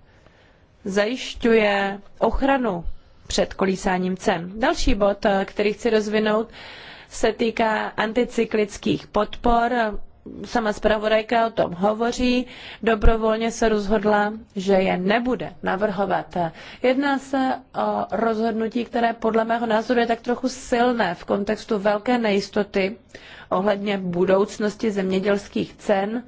[SPEAKER 2] zajišťuje ochranu před kolísáním cen. Další bod, který chci rozvinout, se týká anticyklických podpor sama zpravodajka o tom hovoří, dobrovolně se rozhodla, že je nebude navrhovat. Jedná se o rozhodnutí, které podle mého názoru je tak trochu silné v kontextu velké nejistoty ohledně budoucnosti zemědělských cen,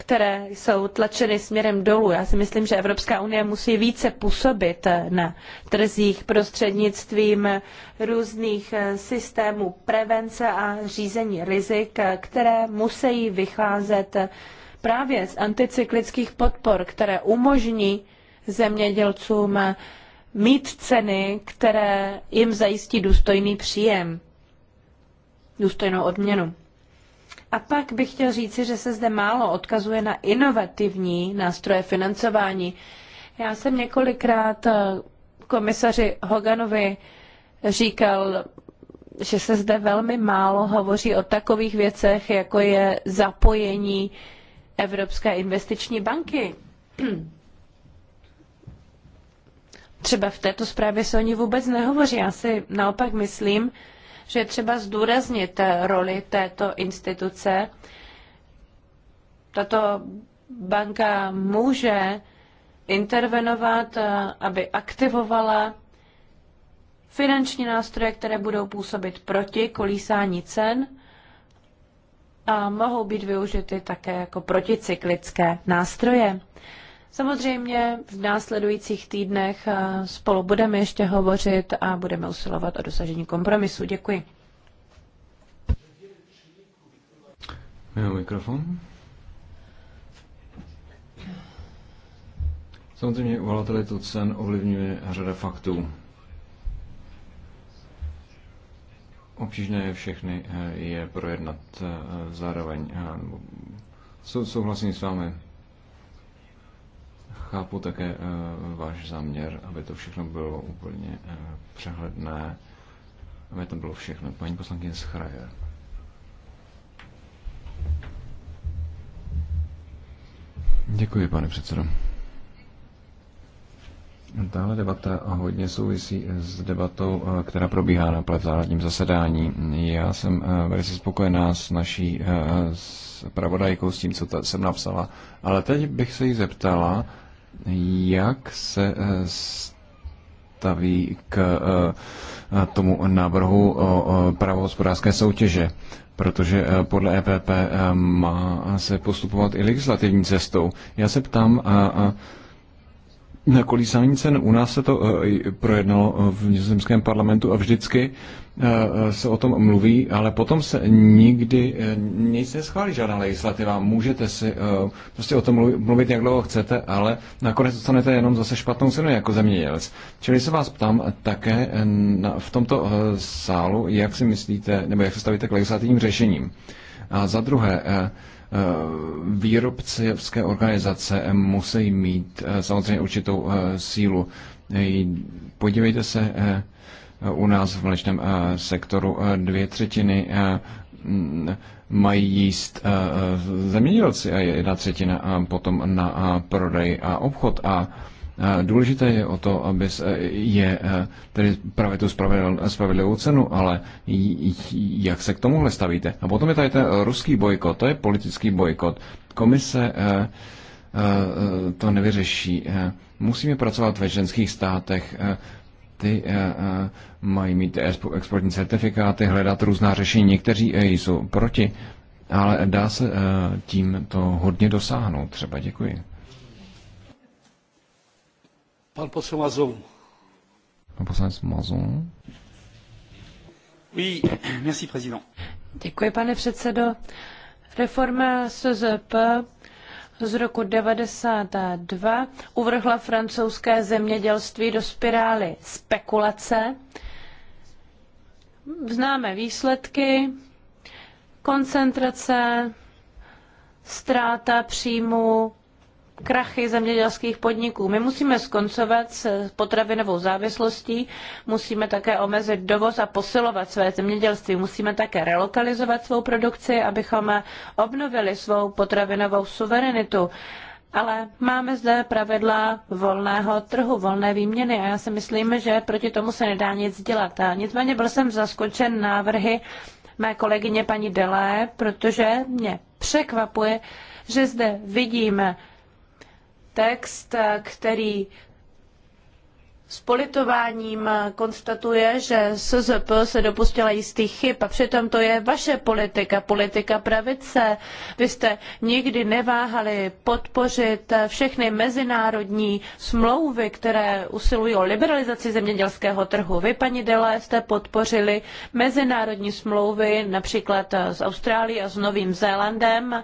[SPEAKER 2] které jsou tlačeny směrem dolů. Já si myslím, že Evropská unie musí více působit eh, na trzích prostřednictvím různých eh, systémů prevence a řízení rizik, eh, které musí vycházet právě z anticyklických podpor, které umožní zemědělcům mít ceny, které jim zajistí důstojný příjem, důstojnou odměnu. A pak bych chtěl říci, že se zde málo odkazuje na inovativní nástroje financování. Já jsem několikrát eh, komisaři Hoganovi říkal, že se zde velmi málo hovoří o takových věcech, jako je zapojení Evropské investiční banky. Třeba v této zprávě se o ní vůbec nehovoří. Já si naopak myslím, že je třeba zdůraznit roli této instituce. Tato banka může intervenovat, aby aktivovala finanční nástroje, které budou působit proti kolísání cen a mohou být využity také jako proticyklické nástroje. Samozřejmě v následujících týdnech eh, spolu budeme ještě hovořit a budeme usilovat o dosažení kompromisu. Děkuji.
[SPEAKER 1] Jeho mikrofon. Samozřejmě volatilitu cen ovlivňuje řada faktů. Obtížné je všechny eh, je projednat eh, zároveň. Souhlasím s vámi chápu také eh, váš záměr, aby to všechno bylo úplně eh, přehledné, aby to bylo všechno. Paní poslankyně Schreier. Děkuji, pane předsedo. Tahle debata hodně souvisí s debatou, eh, která probíhá na plenárním zasedání. Já jsem velice spokojená s naší s pravodajkou, s tím, co jsem napsala, ale teď bych se jí zeptala, jak se eh, staví k eh, tomu návrhu o pravohospodářské soutěže, protože eh, podle EPP má se postupovat i legislativní cestou. Já se ptám, a, a, kolísání cen. U nás se to eh, projednalo eh, v nizozemském parlamentu a vždycky eh, se o tom mluví, ale potom se nikdy nic neschválí žádná legislativa. Můžete si prostě o tom mluvit, jak dlouho chcete, ale nakonec dostanete jenom zase špatnou cenu jako zemědělec. Čili se vás ptám také v tomto sálu, jak si myslíte, nebo jak se stavíte k legislativním řešením. A za druhé, Eh, výrobcovské organizace musí mít eh, samozřejmě určitou eh, sílu. Podívejte se u nás v mlečném sektoru dvě třetiny mají jíst zemědělci a jedna třetina potom na prodej a obchod a Důležité je o to, aby je e, tedy právě tu spravedlivou cenu, ale jak se k tomuhle stavíte? A potom je tady ten ruský bojkot, to je politický bojkot. Komise e, e, to nevyřeší. Musíme pracovat ve ženských státech, ty mají mít exportní certifikáty, hledat různá řešení. Někteří jsou proti, ale dá se tím to hodně dosáhnout. Třeba děkuji.
[SPEAKER 3] Pan poslanec Mazon.
[SPEAKER 1] Pan poslanec Mazon.
[SPEAKER 3] Oui,
[SPEAKER 2] merci, président. Děkuji, pane předsedo. Reforma SZP z roku 92 uvrhla francouzské zemědělství do spirály spekulace. Známe výsledky, koncentrace, ztráta příjmů, krachy zemědělských podniků. My musíme skoncovat s potravinovou závislostí, musíme také omezit dovoz a posilovat své zemědělství, musíme také relokalizovat svou produkci, abychom obnovili svou potravinovou suverenitu. Ale máme zde pravidla volného trhu, volné výměny a já si myslím, že proti tomu se nedá nic dělat. A nicméně byl jsem zaskočen návrhy mé kolegyně paní Delé, protože mě překvapuje, že zde vidíme text, který s politováním konstatuje, že SZP se dopustila jistých chyb a přitom to je vaše politika, politika pravice. Vy jste nikdy neváhali podpořit všechny mezinárodní smlouvy, které usilují o liberalizaci zemědělského trhu. Vy, paní Dele, jste podpořili mezinárodní smlouvy například s Austrálií a s Novým Zélandem,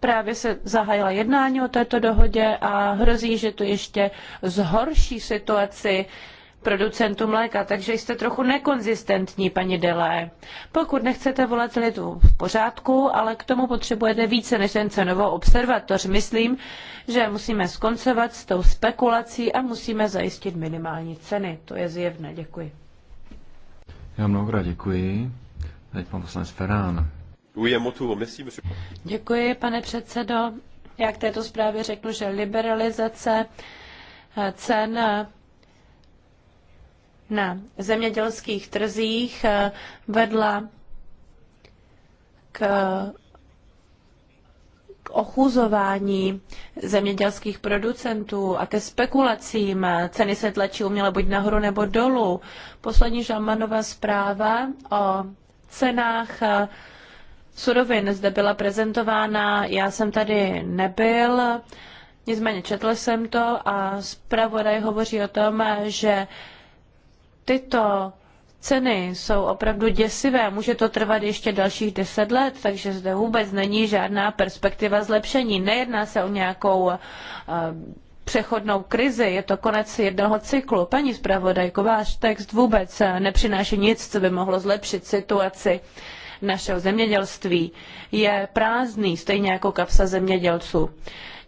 [SPEAKER 2] Právě se zahájila jednání o této dohodě a hrozí, že to ještě zhorší situaci producentů mléka, takže jste trochu nekonzistentní, paní Delé. Pokud nechcete volatilitu v pořádku, ale k tomu potřebujete více než jen cenovou observatoř. Myslím, že musíme skoncovat s tou spekulací a musíme zajistit minimální ceny. To je zjevné. Děkuji.
[SPEAKER 1] Já mnohokrát děkuji. Teď pan poslanec Ferán.
[SPEAKER 2] Děkuji, pane předsedo. Já k této zprávě řeknu, že liberalizace eh, cen eh, na zemědělských trzích eh, vedla k, k ochuzování zemědělských producentů a ke spekulacím. Ceny se tlačí uměle buď nahoru nebo dolů. Poslední Žalmanová zpráva o cenách surovin zde byla prezentována. Já jsem tady nebyl, nicméně četl jsem to a zpravodaj hovoří o tom, že tyto ceny jsou opravdu děsivé. Může to trvat ještě dalších deset let, takže zde vůbec není žádná perspektiva zlepšení. Nejedná se o nějakou eh, přechodnou krizi, je to konec jednoho cyklu. Paní zpravodajko, váš text vůbec eh, nepřináší nic, co by mohlo zlepšit situaci našeho zemědělství je prázdný, stejně jako kapsa zemědělců.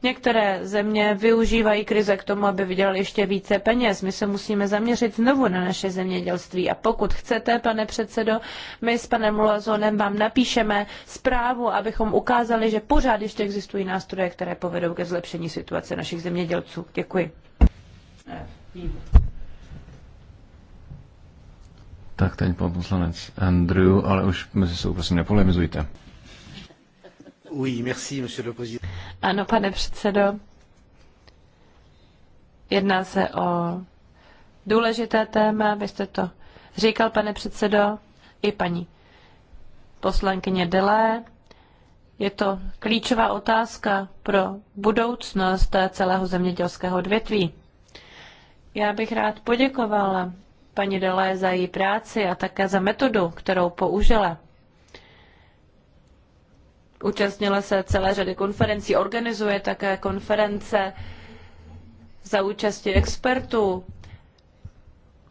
[SPEAKER 2] Některé země využívají krize k tomu, aby vydělali ještě více peněz. My se musíme zaměřit znovu na naše zemědělství. A pokud chcete, pane předsedo, my s panem Loazonem vám napíšeme zprávu, abychom ukázali, že pořád ještě existují nástroje, které povedou ke zlepšení situace našich zemědělců. Děkuji.
[SPEAKER 1] Tak teď pan poslanec Andrew, ale už mezi sebou prosím nepolemizujte.
[SPEAKER 3] Oui, merci, monsieur le président.
[SPEAKER 2] Ano, pane předsedo. Jedná se o důležité téma, vy jste to říkal, pane předsedo, i paní poslankyně Delé. Je to klíčová otázka pro budoucnost celého zemědělského odvětví. Já bych rád poděkovala paní Dele za její práci a také za metodu, kterou použila. Účastnila se celé řady konferencí, organizuje také konference za účasti expertů.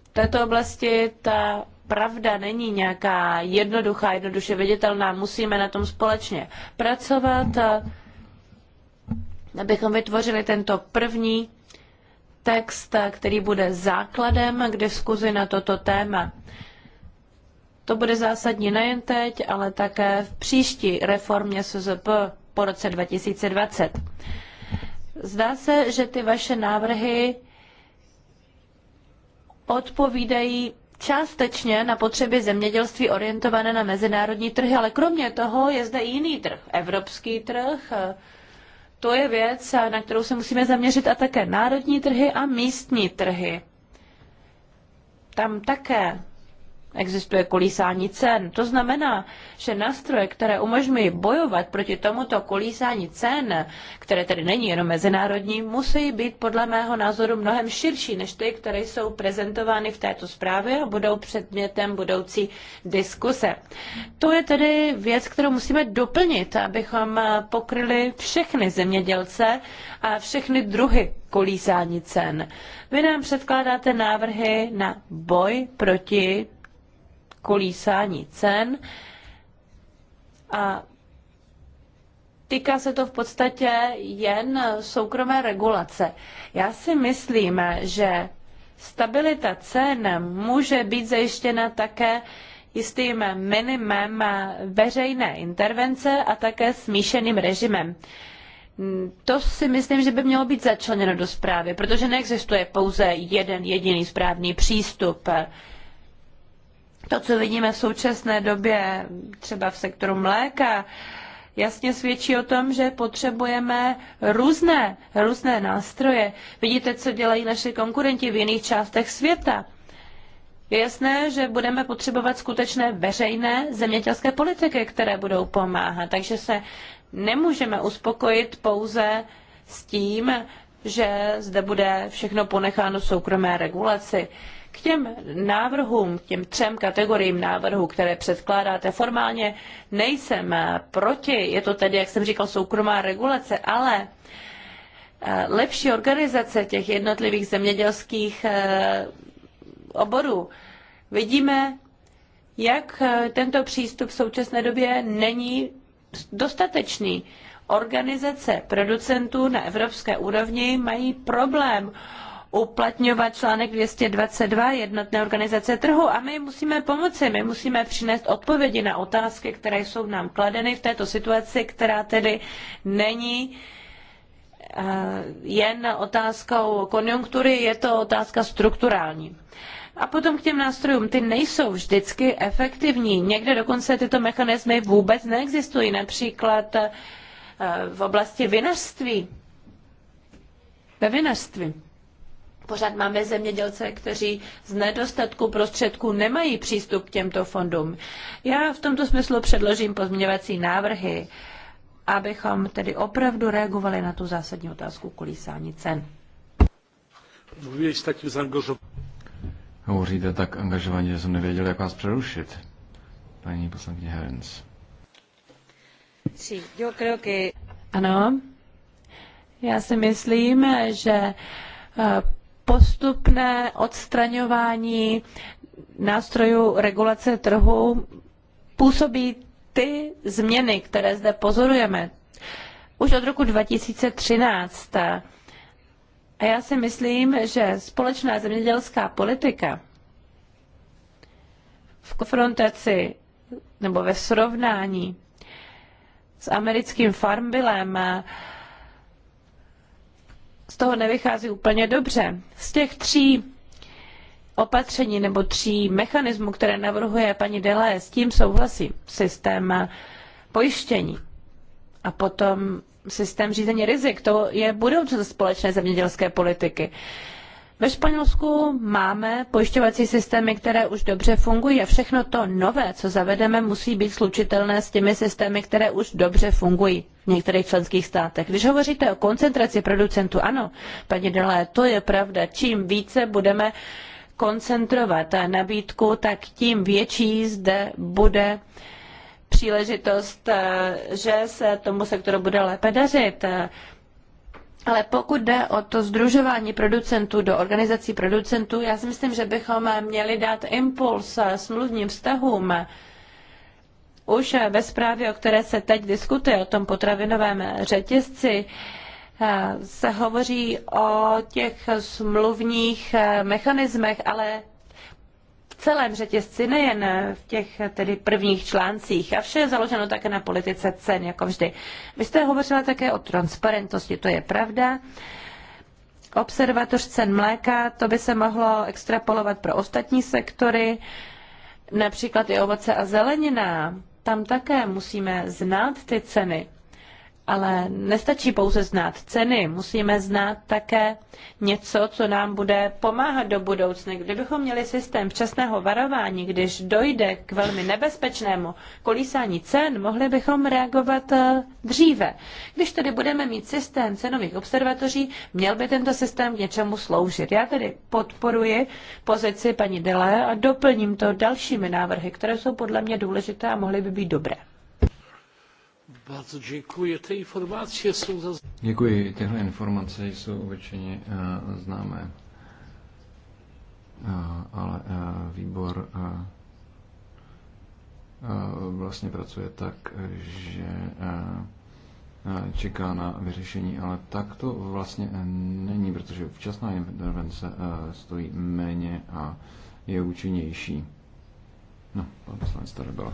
[SPEAKER 2] V této oblasti ta pravda není nějaká jednoduchá, jednoduše viditelná. Musíme na tom společně pracovat, abychom vytvořili tento první text, který bude základem k diskuzi na toto téma. To bude zásadní nejen teď, ale také v příští reformě SZP po roce 2020. Zdá se, že ty vaše návrhy odpovídají částečně na potřeby zemědělství orientované na mezinárodní trhy, ale kromě toho je zde jiný trh, evropský trh, to je věc, na kterou se musíme zaměřit a také národní trhy a místní trhy. Tam také existuje kolísání cen. To znamená, že nástroje, které umožňují bojovat proti tomuto kolísání cen, které tedy není jenom mezinárodní, musí být podle mého názoru mnohem širší než ty, které jsou prezentovány v této zprávě a budou předmětem budoucí diskuse. To je tedy věc, kterou musíme doplnit, abychom pokryli všechny zemědělce a všechny druhy kolísání cen. Vy nám předkládáte návrhy na boj proti kolísání cen a týká se to v podstatě jen soukromé regulace. Já si myslím, že stabilita cen může být zajištěna také jistým minimem veřejné intervence a také smíšeným režimem. To si myslím, že by mělo být začleněno do zprávy, protože neexistuje pouze jeden jediný správný přístup. To, co vidíme v současné době třeba v sektoru mléka, jasně svědčí o tom, že potřebujeme různé, různé nástroje. Vidíte, co dělají naši konkurenti v jiných částech světa. Je jasné, že budeme potřebovat skutečné veřejné zemědělské politiky, které budou pomáhat. Takže se nemůžeme uspokojit pouze s tím, že zde bude všechno ponecháno soukromé regulaci. K těm návrhům, k těm třem kategoriím návrhů, které předkládáte, formálně nejsem eh, proti, je to tedy, jak jsem říkal, soukromá regulace, ale eh, lepší organizace těch jednotlivých zemědělských eh, oborů. Vidíme, jak tento přístup v současné době není dostatečný. Organizace producentů na evropské úrovni mají problém uplatňovat článek 222 jednotné organizace trhu a my musíme pomoci, my musíme přinést odpovědi na otázky, které jsou nám kladeny v této situaci, která tedy není eh, jen otázkou konjunktury, je to otázka strukturální. A potom k těm nástrojům. Ty nejsou vždycky efektivní. Někde dokonce tyto mechanismy vůbec neexistují. Například eh, v oblasti vinařství. Ve vinařství. Pořád máme zemědělce, kteří z nedostatku prostředků nemají přístup k těmto fondům. Já v tomto smyslu předložím pozměňovací návrhy, abychom tedy opravdu reagovali na tu zásadní otázku kolísání cen.
[SPEAKER 1] Hovoříte tak angažovaně, že jsem nevěděl, jak vás přerušit. Paní poslankyně Herens.
[SPEAKER 2] Ano, já si myslím, že eh, postupné odstraňování nástrojů regulace trhu působí ty změny, které zde pozorujeme. Už od roku 2013. A já si myslím, že společná zemědělská politika v konfrontaci nebo ve srovnání s americkým farmbilem toho nevychází úplně dobře. Z těch tří opatření nebo tří mechanismů, které navrhuje paní Dele, s tím souhlasím. Systém pojištění a potom systém řízení rizik, to je budoucnost společné zemědělské politiky. Uh, ve Španělsku máme pojišťovací systémy, které už dobře fungují a všechno to nové, co zavedeme, musí být slučitelné s těmi systémy, které už dobře fungují v některých členských státech. Když hovoříte o koncentraci producentů, ano, paní Delé, to je pravda. Čím více budeme koncentrovat nabídku, tak tím větší zde bude příležitost, eh, že se tomu sektoru bude lépe dařit. Ale pokud jde o to združování producentů do organizací producentů, já si myslím, že bychom měli dát impuls smluvním vztahům. Už ve zprávě, o které se teď diskutuje, o tom potravinovém řetězci, eh, se hovoří o těch smluvních eh, mechanismech, ale celém řetězci, nejen v těch tedy prvních článcích. A vše je založeno také na politice cen, jako vždy. Vy jste hovořila také o transparentnosti, to je pravda. Observatoř cen mléka, to by se mohlo extrapolovat pro ostatní sektory, například i ovoce a zelenina. Tam také musíme znát ty ceny. Ale nestačí pouze znát ceny, musíme znát také něco, co nám bude pomáhat do budoucna. Kdybychom měli systém včasného varování, když dojde k velmi nebezpečnému kolísání cen, mohli bychom reagovat eh, dříve. Když tedy budeme mít systém cenových observatoří, měl by tento systém k něčemu sloužit. Já tedy podporuji pozici paní Dele a doplním to dalšími návrhy, které jsou podle mě důležité a mohly by být dobré.
[SPEAKER 3] Bardzo děkuji. Ty informace jsou za...
[SPEAKER 1] Děkuji. Tyhle informace jsou většině uh, eh, známé. Uh, ale uh, výbor uh, vlastně pracuje tak, že čeká na vyřešení, ale tak to vlastně není, protože včasná intervence stojí méně a je účinnější. No, pan poslanec tady byla.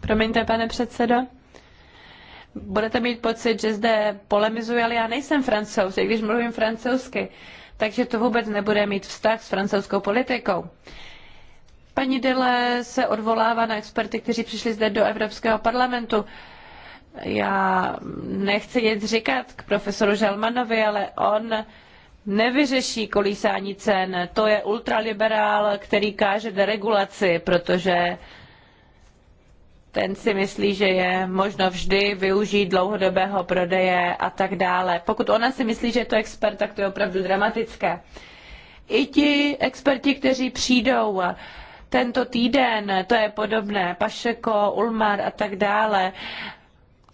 [SPEAKER 2] Promiňte, pane předsedo. Budete mít pocit, že zde polemizuji, ale já nejsem francouz, i když mluvím francouzsky, takže to vůbec nebude mít vztah s francouzskou politikou. Paní Dele se odvolává na experty, kteří přišli zde do Evropského parlamentu. Já nechci nic říkat k profesoru Žalmanovi, ale on nevyřeší kolísání cen. To je ultraliberál, který káže deregulaci, protože ten si myslí, že je možno vždy využít dlouhodobého prodeje a tak dále. Pokud ona si myslí, že je to expert, tak to je opravdu dramatické. I ti experti, kteří přijdou tento týden, to je podobné, Pašeko, Ulmar a tak dále,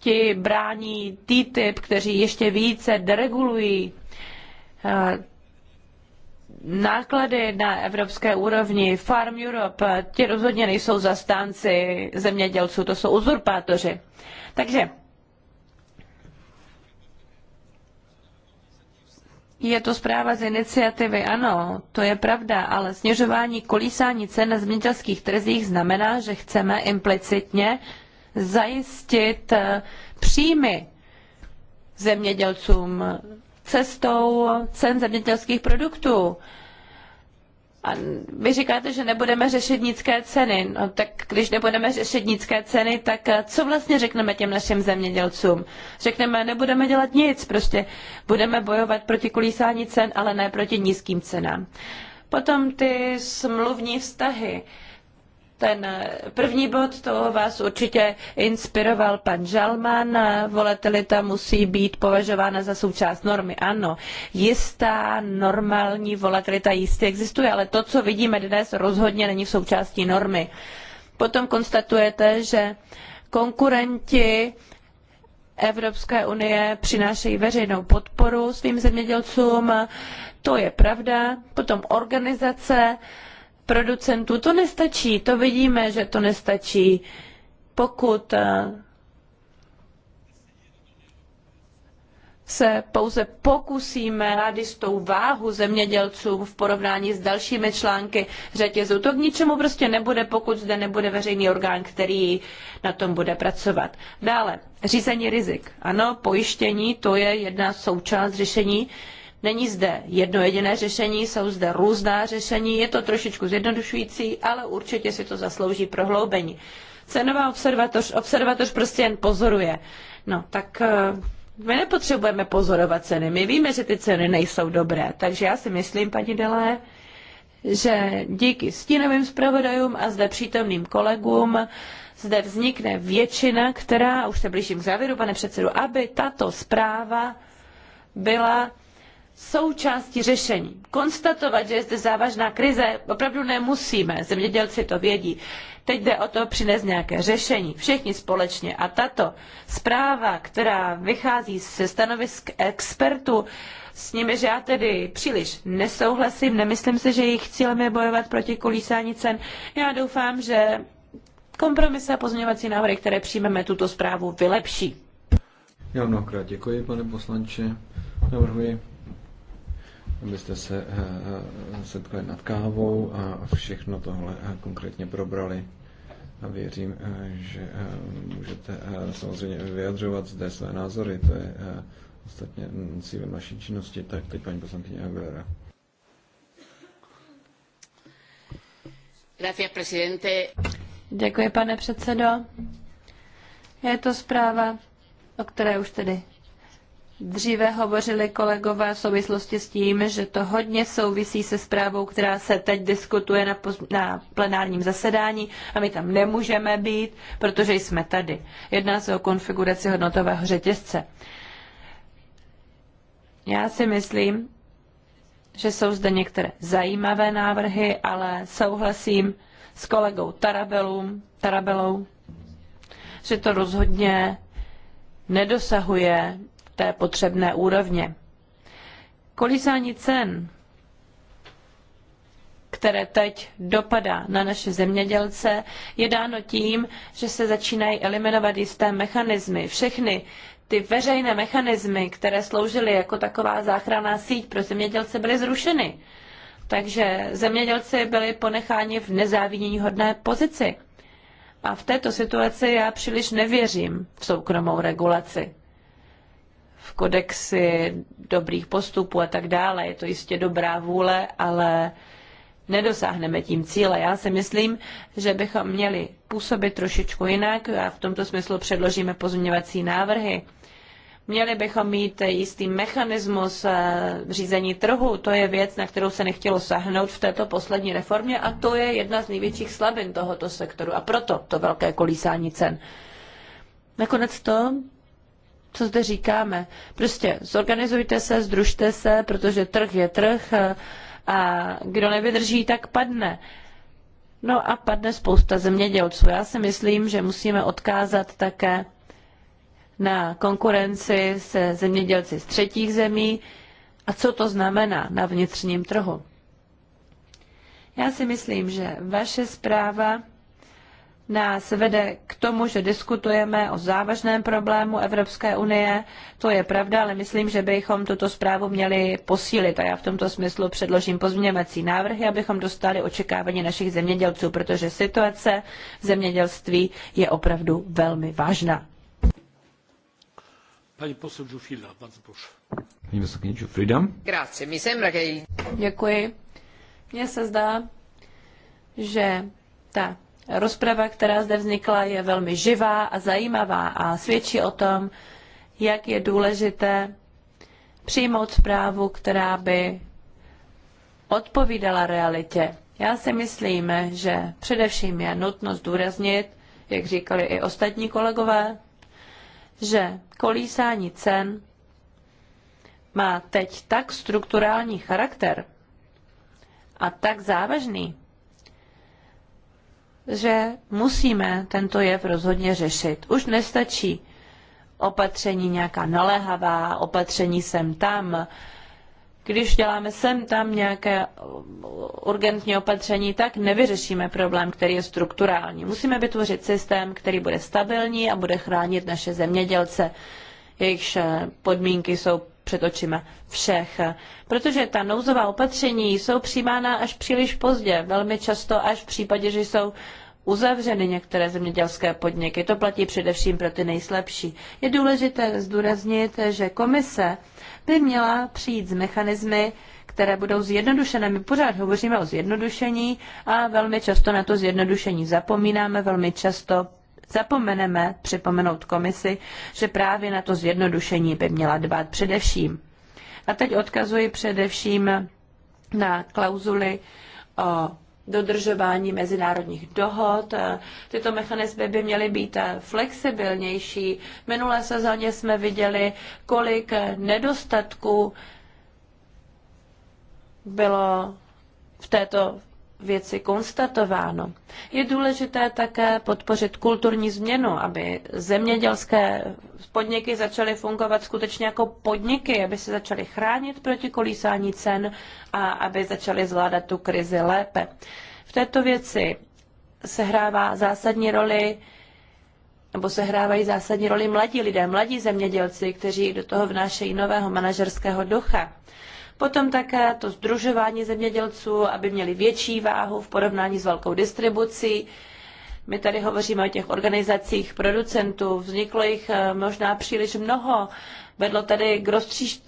[SPEAKER 2] ti brání TTIP, kteří ještě více deregulují Eh, náklady na evropské úrovni, Farm Europe, eh, ti rozhodně nejsou zastánci zemědělců, to jsou uzurpátoři. Takže je to zpráva z iniciativy, ano, to je pravda, ale snižování kolísání cen na zemědělských trzích znamená, že chceme implicitně zajistit eh, příjmy zemědělcům cestou cen zemědělských produktů. A vy říkáte, že nebudeme řešit nízké ceny. No tak když nebudeme řešit nízké ceny, tak eh, co vlastně řekneme těm našim zemědělcům? Řekneme, nebudeme dělat nic, prostě budeme bojovat proti kolísání cen, ale ne proti nízkým cenám. Potom ty smluvní vztahy ten první bod, to vás určitě inspiroval pan Žalman. Volatilita musí být považována za součást normy. Ano, jistá normální volatilita jistě existuje, ale to, co vidíme dnes, rozhodně není v součástí normy. Potom konstatujete, že konkurenti Evropské unie přinášejí veřejnou podporu svým zemědělcům. To je pravda. Potom organizace producentů. To nestačí, to vidíme, že to nestačí. Pokud eh, se pouze pokusíme tou váhu zemědělcům v porovnání s dalšími články řetězu. To k ničemu prostě nebude, pokud zde nebude veřejný orgán, který na tom bude pracovat. Dále, řízení rizik. Ano, pojištění, to je jedna součást řešení Není zde jedno jediné řešení, jsou zde různá řešení, je to trošičku zjednodušující, ale určitě si to zaslouží prohloubení. Cenová observatoř, observatoř prostě jen pozoruje. No, tak eh, my nepotřebujeme pozorovat ceny, my víme, že ty ceny nejsou dobré, takže já si myslím, paní Delé, že díky stínovým zpravodajům a zde přítomným kolegům zde vznikne většina, která, už se blížím k závěru, pane předsedu, aby tato zpráva byla součástí řešení. Konstatovat, že je zde závažná krize, opravdu nemusíme. Zemědělci to vědí. Teď jde o to přinést nějaké řešení. Všichni společně. A tato zpráva, která vychází ze stanovisk expertů, s nimiž já tedy příliš nesouhlasím, nemyslím si, že jejich cílem je bojovat proti kolísání cen. Já doufám, že kompromisy a pozměňovací návrhy, které přijmeme, tuto zprávu vylepší.
[SPEAKER 1] Já mnohokrát děkuji, pane poslanče. Navrhuji abyste se eh, eh, setkali nad kávou a všechno tohle eh, konkrétně probrali. A věřím, že můžete samozřejmě vyjadřovat zde své názory, to je ostatně cílem naší činnosti. Tak teď paní poslankyně Aguilera. Děkuji, pane
[SPEAKER 2] předsedo. Je to zpráva, o které už tedy Dříve hovořili kolegové v souvislosti s tím, že to hodně souvisí se zprávou, která se teď diskutuje na, na plenárním zasedání a my tam nemůžeme být, protože jsme tady. Jedná se o konfiguraci hodnotového řetězce. Já si myslím, že jsou zde některé zajímavé návrhy, ale souhlasím s kolegou Tarabelou, Tarabelou že to rozhodně nedosahuje té potřebné úrovně. Kolizání cen, které teď dopadá na naše zemědělce, je dáno tím, že se začínají eliminovat jisté mechanismy. Všechny ty veřejné mechanismy, které sloužily jako taková záchranná síť pro zemědělce, byly zrušeny. Takže zemědělci byli ponecháni v nezávidění hodné pozici. A v této situaci já příliš nevěřím v soukromou regulaci v kodexy dobrých postupů a tak dále. Je to jistě dobrá vůle, ale nedosáhneme tím cíle. Já si myslím, že bychom měli působit trošičku jinak a v tomto smyslu předložíme pozměňovací návrhy. Měli bychom mít jistý mechanismus eh, řízení trhu. To je věc, na kterou se nechtělo sahnout v této poslední reformě a to je jedna z největších slabin tohoto sektoru a proto to velké kolísání cen. Nakonec to, co zde říkáme. Prostě zorganizujte se, združte se, protože trh je trh a kdo nevydrží, tak padne. No a padne spousta zemědělců. Já si myslím, že musíme odkázat také na konkurenci se zemědělci z třetích zemí a co to znamená na vnitřním trhu. Já si myslím, že vaše zpráva nás vede k tomu, že diskutujeme o závažném problému Evropské unie. To je pravda, ale myslím, že bychom tuto zprávu měli posílit a já v tomto smyslu předložím pozměňovací návrhy, abychom dostali očekávání našich zemědělců, protože situace v zemědělství je opravdu velmi vážná.
[SPEAKER 3] Pani poseł Giuffrida, bardzo proszę.
[SPEAKER 1] Pani wysokiej Giuffrida.
[SPEAKER 2] Grazie,
[SPEAKER 3] mi sembra che...
[SPEAKER 2] Děkuji. Mnie se zdá, že ta Rozprava, která zde vznikla, je velmi živá a zajímavá a svědčí o tom, jak je důležité přijmout zprávu, která by odpovídala realitě. Já si myslím, že především je nutno zdůraznit, jak říkali i ostatní kolegové, že kolísání cen má teď tak strukturální charakter a tak závažný že musíme tento jev rozhodně řešit. Už nestačí opatření nějaká naléhavá, opatření sem tam. Když děláme sem tam nějaké urgentní opatření, tak nevyřešíme problém, který je strukturální. Musíme vytvořit systém, který bude stabilní a bude chránit naše zemědělce. Jejichž podmínky jsou před očima všech. Protože ta nouzová opatření jsou přijímána až příliš pozdě, velmi často až v případě, že jsou uzavřeny některé zemědělské podniky. To platí především pro ty nejslabší. Je důležité zdůraznit, že komise by měla přijít s mechanismy, které budou zjednodušené. My pořád hovoříme o zjednodušení a velmi často na to zjednodušení zapomínáme, velmi často zapomeneme připomenout komisi, že právě na to zjednodušení by měla dbát především. A teď odkazuji především na klauzuly o dodržování mezinárodních dohod. Tyto mechanismy by měly být flexibilnější. Minulé sezóně jsme viděli, kolik nedostatků bylo v této věci konstatováno. Je důležité také podpořit kulturní změnu, aby zemědělské podniky začaly fungovat skutečně jako podniky, aby se začaly chránit proti kolísání cen a aby začaly zvládat tu krizi lépe. V této věci sehrává zásadní roli nebo sehrávají zásadní roli mladí lidé, mladí zemědělci, kteří do toho vnášejí nového manažerského ducha. Potom také to združování zemědělců, aby měli větší váhu v porovnání s velkou distribucí. My tady hovoříme o těch organizacích producentů, vzniklo jich eh, možná příliš mnoho, vedlo tady k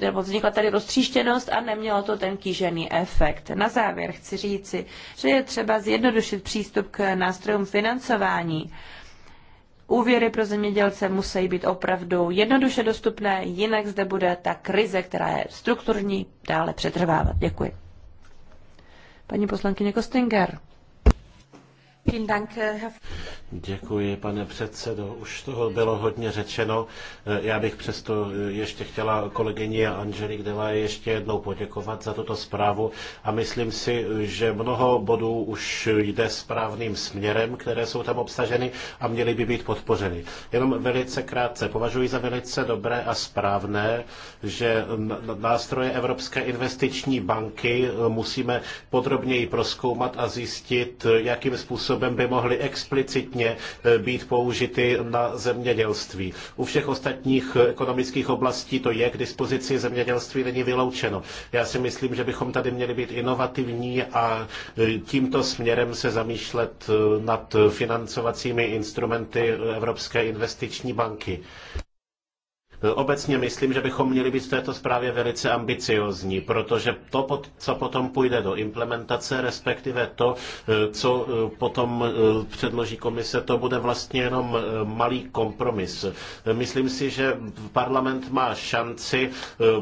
[SPEAKER 2] nebo vznikla tady roztříštěnost a nemělo to ten kýžený efekt. Na závěr chci říci, že je třeba zjednodušit přístup k nástrojům financování úvěry pro zemědělce musí být opravdu jednoduše dostupné, jinak zde bude ta krize, která je strukturní, dále přetrvávat. Děkuji. Paní poslankyně Kostinger.
[SPEAKER 3] Děkuji, pane předsedo. Už toho bylo hodně řečeno. Eh, já bych přesto eh, ještě chtěla kolegyni Angelik Dela ještě jednou poděkovat za tuto zprávu a myslím si, že mnoho bodů už jde správným směrem, které jsou tam obsaženy a měly by být podpořeny. Jenom velice krátce. Považuji za velice dobré a správné, že nástroje Evropské investiční banky eh, musíme podrobněji proskoumat a zjistit, jakým způsobem by mohly explicitně nutně eh, být použity na zemědělství. U všech ostatních eh, ekonomických oblastí to je k dispozici, zemědělství není vyloučeno. Já si myslím, že bychom tady měli být inovativní a eh, tímto směrem se zamýšlet nad financovacími instrumenty Evropské investiční banky. Eh, obecně myslím, že bychom měli být v této zprávě velice ambiciozní, protože to, co potom půjde do implementace, respektive to, eh, co eh, potom předloží komise, to bude vlastně jenom malý kompromis. Myslím si, že parlament má šanci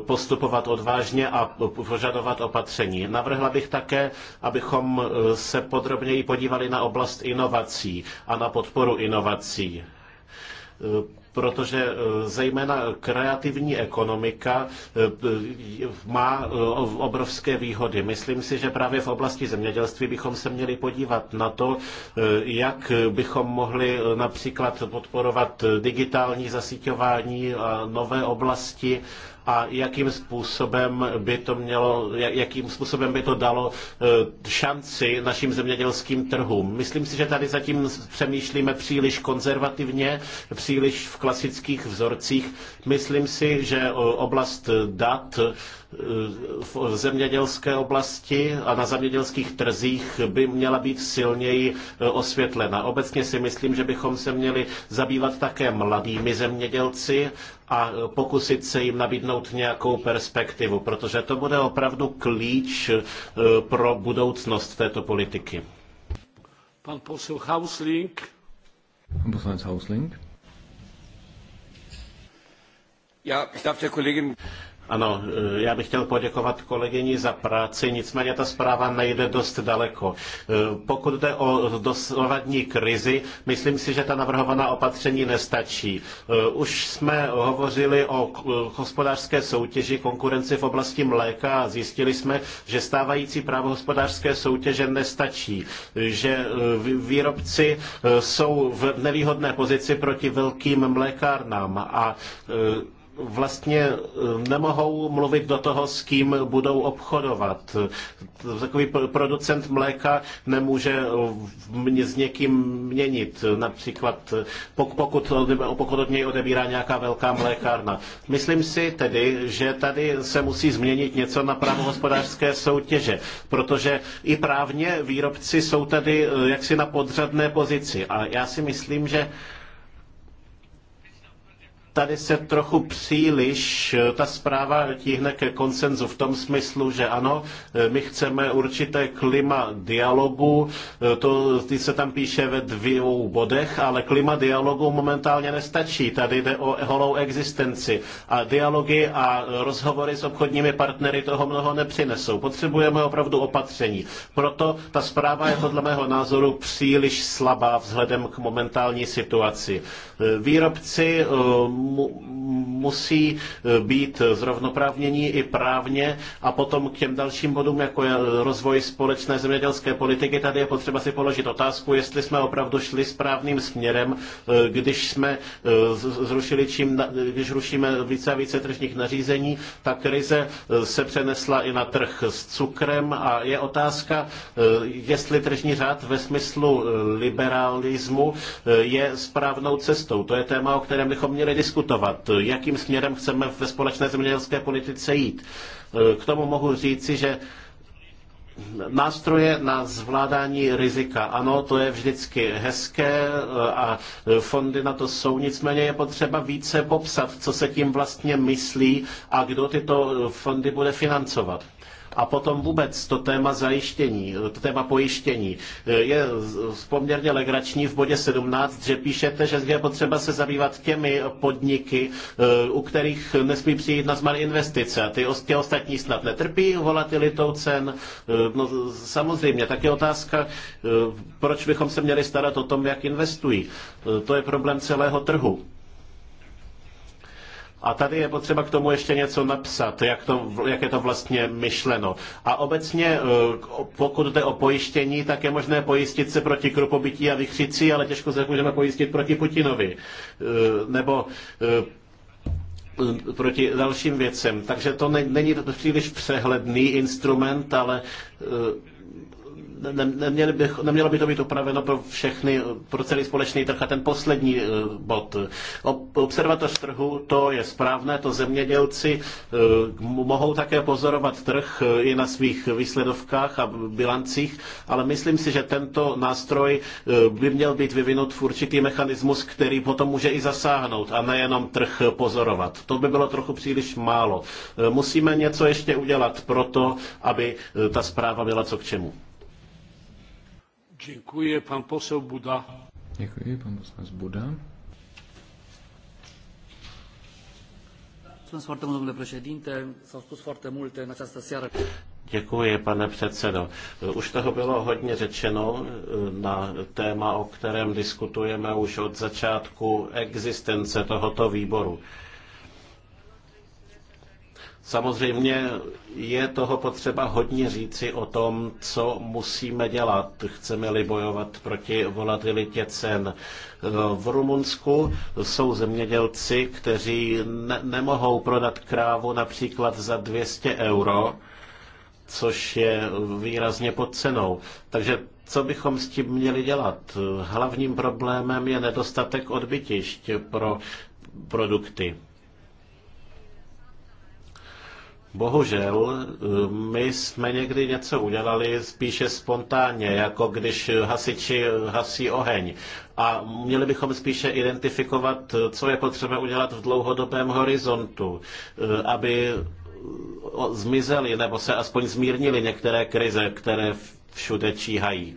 [SPEAKER 3] postupovat odvážně a požadovat opatření. Navrhla bych také, abychom se podrobněji podívali na oblast inovací a na podporu inovací protože eh, zejména kreativní ekonomika eh, má eh, obrovské výhody. Myslím si, že právě v oblasti zemědělství bychom se měli podívat na to, jak bychom mohli například podporovat digitální zasíťování a nové oblasti a jakým způsobem by to mělo, jakým způsobem by to dalo šanci našim zemědělským trhům. Myslím si, že tady zatím přemýšlíme příliš konzervativně, příliš v klasických vzorcích. Myslím si, že oblast dat eh, v zemědělské oblasti a na zemědělských trzích by měla být silněji eh, osvětlena. Obecně si myslím, že bychom se měli zabývat také mladými zemědělci a pokusit se jim nabídnout nějakou perspektivu, protože to bude opravdu klíč eh, pro budoucnost této politiky. Pan poslanec Hausling. Pan poslanec
[SPEAKER 1] Hausling.
[SPEAKER 3] Já, Ano, eh, já bych chtěl poděkovat kolegyni za práci, nicméně ta zpráva nejde dost daleko. Eh, pokud jde o dosavadní krizi, myslím si, že ta navrhovaná opatření nestačí. Eh, už jsme hovořili o hospodářské soutěži, konkurenci v oblasti mléka a zjistili jsme, že stávající právo hospodářské soutěže nestačí, že výrobci jsou v nevýhodné pozici proti velkým mlékárnám a vlastně eh, nemohou mluvit do toho, s kým budou obchodovat. Takový producent mléka nemůže eh, s někým měnit. Například eh, pokud, pokud od něj odebírá nějaká velká mlékárna. Myslím si tedy, že tady se musí změnit něco na právo hospodářské soutěže, protože i právně výrobci jsou tady jaksi na podřadné pozici. A já si myslím, že tady se trochu příliš eh, ta zpráva tíhne ke konsenzu v tom smyslu, že ano, eh, my chceme určité klima dialogu, eh, to, ty se tam píše ve dvou bodech, ale klima dialogu momentálně nestačí. Tady jde o holou existenci a dialogy a rozhovory s obchodními partnery toho mnoho nepřinesou. Potřebujeme opravdu opatření. Proto ta zpráva je podle mého názoru příliš slabá vzhledem k momentální situaci. Výrobci musí e, být zrovnoprávnění i právně a potom k těm dalším bodům, jako je rozvoj společné zemědělské politiky, tady je potřeba si položit otázku, jestli jsme opravdu šli správným směrem, e, když jsme e, zrušili čím, když rušíme více a více tržních nařízení, ta krize se přenesla i na trh s cukrem a je otázka, jestli tržní řád ve smyslu liberalismu je správnou cestou. To je téma, o kterém bychom měli diskutovat diskutovat, jakým směrem chceme ve společné zemědělské politice jít. K tomu mohu říci, že Nástroje na zvládání rizika. Ano, to je vždycky hezké a fondy na to jsou, nicméně je potřeba více popsat, co se tím vlastně myslí a kdo tyto fondy bude financovat. A potom vůbec to téma zajištění, to téma pojištění je poměrně legrační v bodě 17, že píšete, že je potřeba se zabývat těmi podniky, u kterých nesmí přijít na zmar investice a ty tě ostatní snad netrpí volatilitou cen. No, samozřejmě, tak je otázka, proč bychom se měli starat o tom, jak investují. To je problém celého trhu. A tady je potřeba k tomu ještě něco napsat, jak, to, jak je to vlastně myšleno. A obecně, eh, pokud jde o pojištění, tak je možné pojistit se proti krupobytí a vychřicí, ale těžko se můžeme pojistit proti Putinovi. Eh, nebo eh, proti dalším věcem. Takže to není příliš přehledný instrument, ale ne, neměli bych, nemělo by to být upraveno pro všechny, pro celý společný trh. A ten poslední eh, bod. Observatoř trhu, to je správné, to zemědělci eh, mohou také pozorovat trh eh, i na svých výsledovkách a bilancích, ale myslím si, že tento nástroj by měl být vyvinut v určitý mechanismus, který potom může i zasáhnout a nejenom trh pozorovat. To by bylo trochu příliš málo. Musíme něco ještě udělat pro to, aby ta zpráva byla co k čemu. Děkuji, pan posel Buda.
[SPEAKER 1] Děkuji, pan poslanec Buda.
[SPEAKER 3] Děkuji, pane předsedo. Už toho bylo hodně řečeno eh, na téma, o kterém diskutujeme už od začátku existence tohoto výboru. Samozřejmě je toho potřeba hodně říci o tom, co musíme dělat, chceme-li bojovat proti volatilitě cen. V Rumunsku jsou zemědělci, kteří ne- nemohou prodat krávu například za 200 euro, což je výrazně pod cenou. Takže co bychom s tím měli dělat? Hlavním problémem je nedostatek odbytišť pro produkty. Bohužel, my jsme někdy něco udělali spíše spontánně, jako když hasiči hasí oheň. A měli bychom spíše identifikovat, co je potřeba udělat v dlouhodobém horizontu, aby zmizely nebo se aspoň zmírnily některé krize, které všude číhají.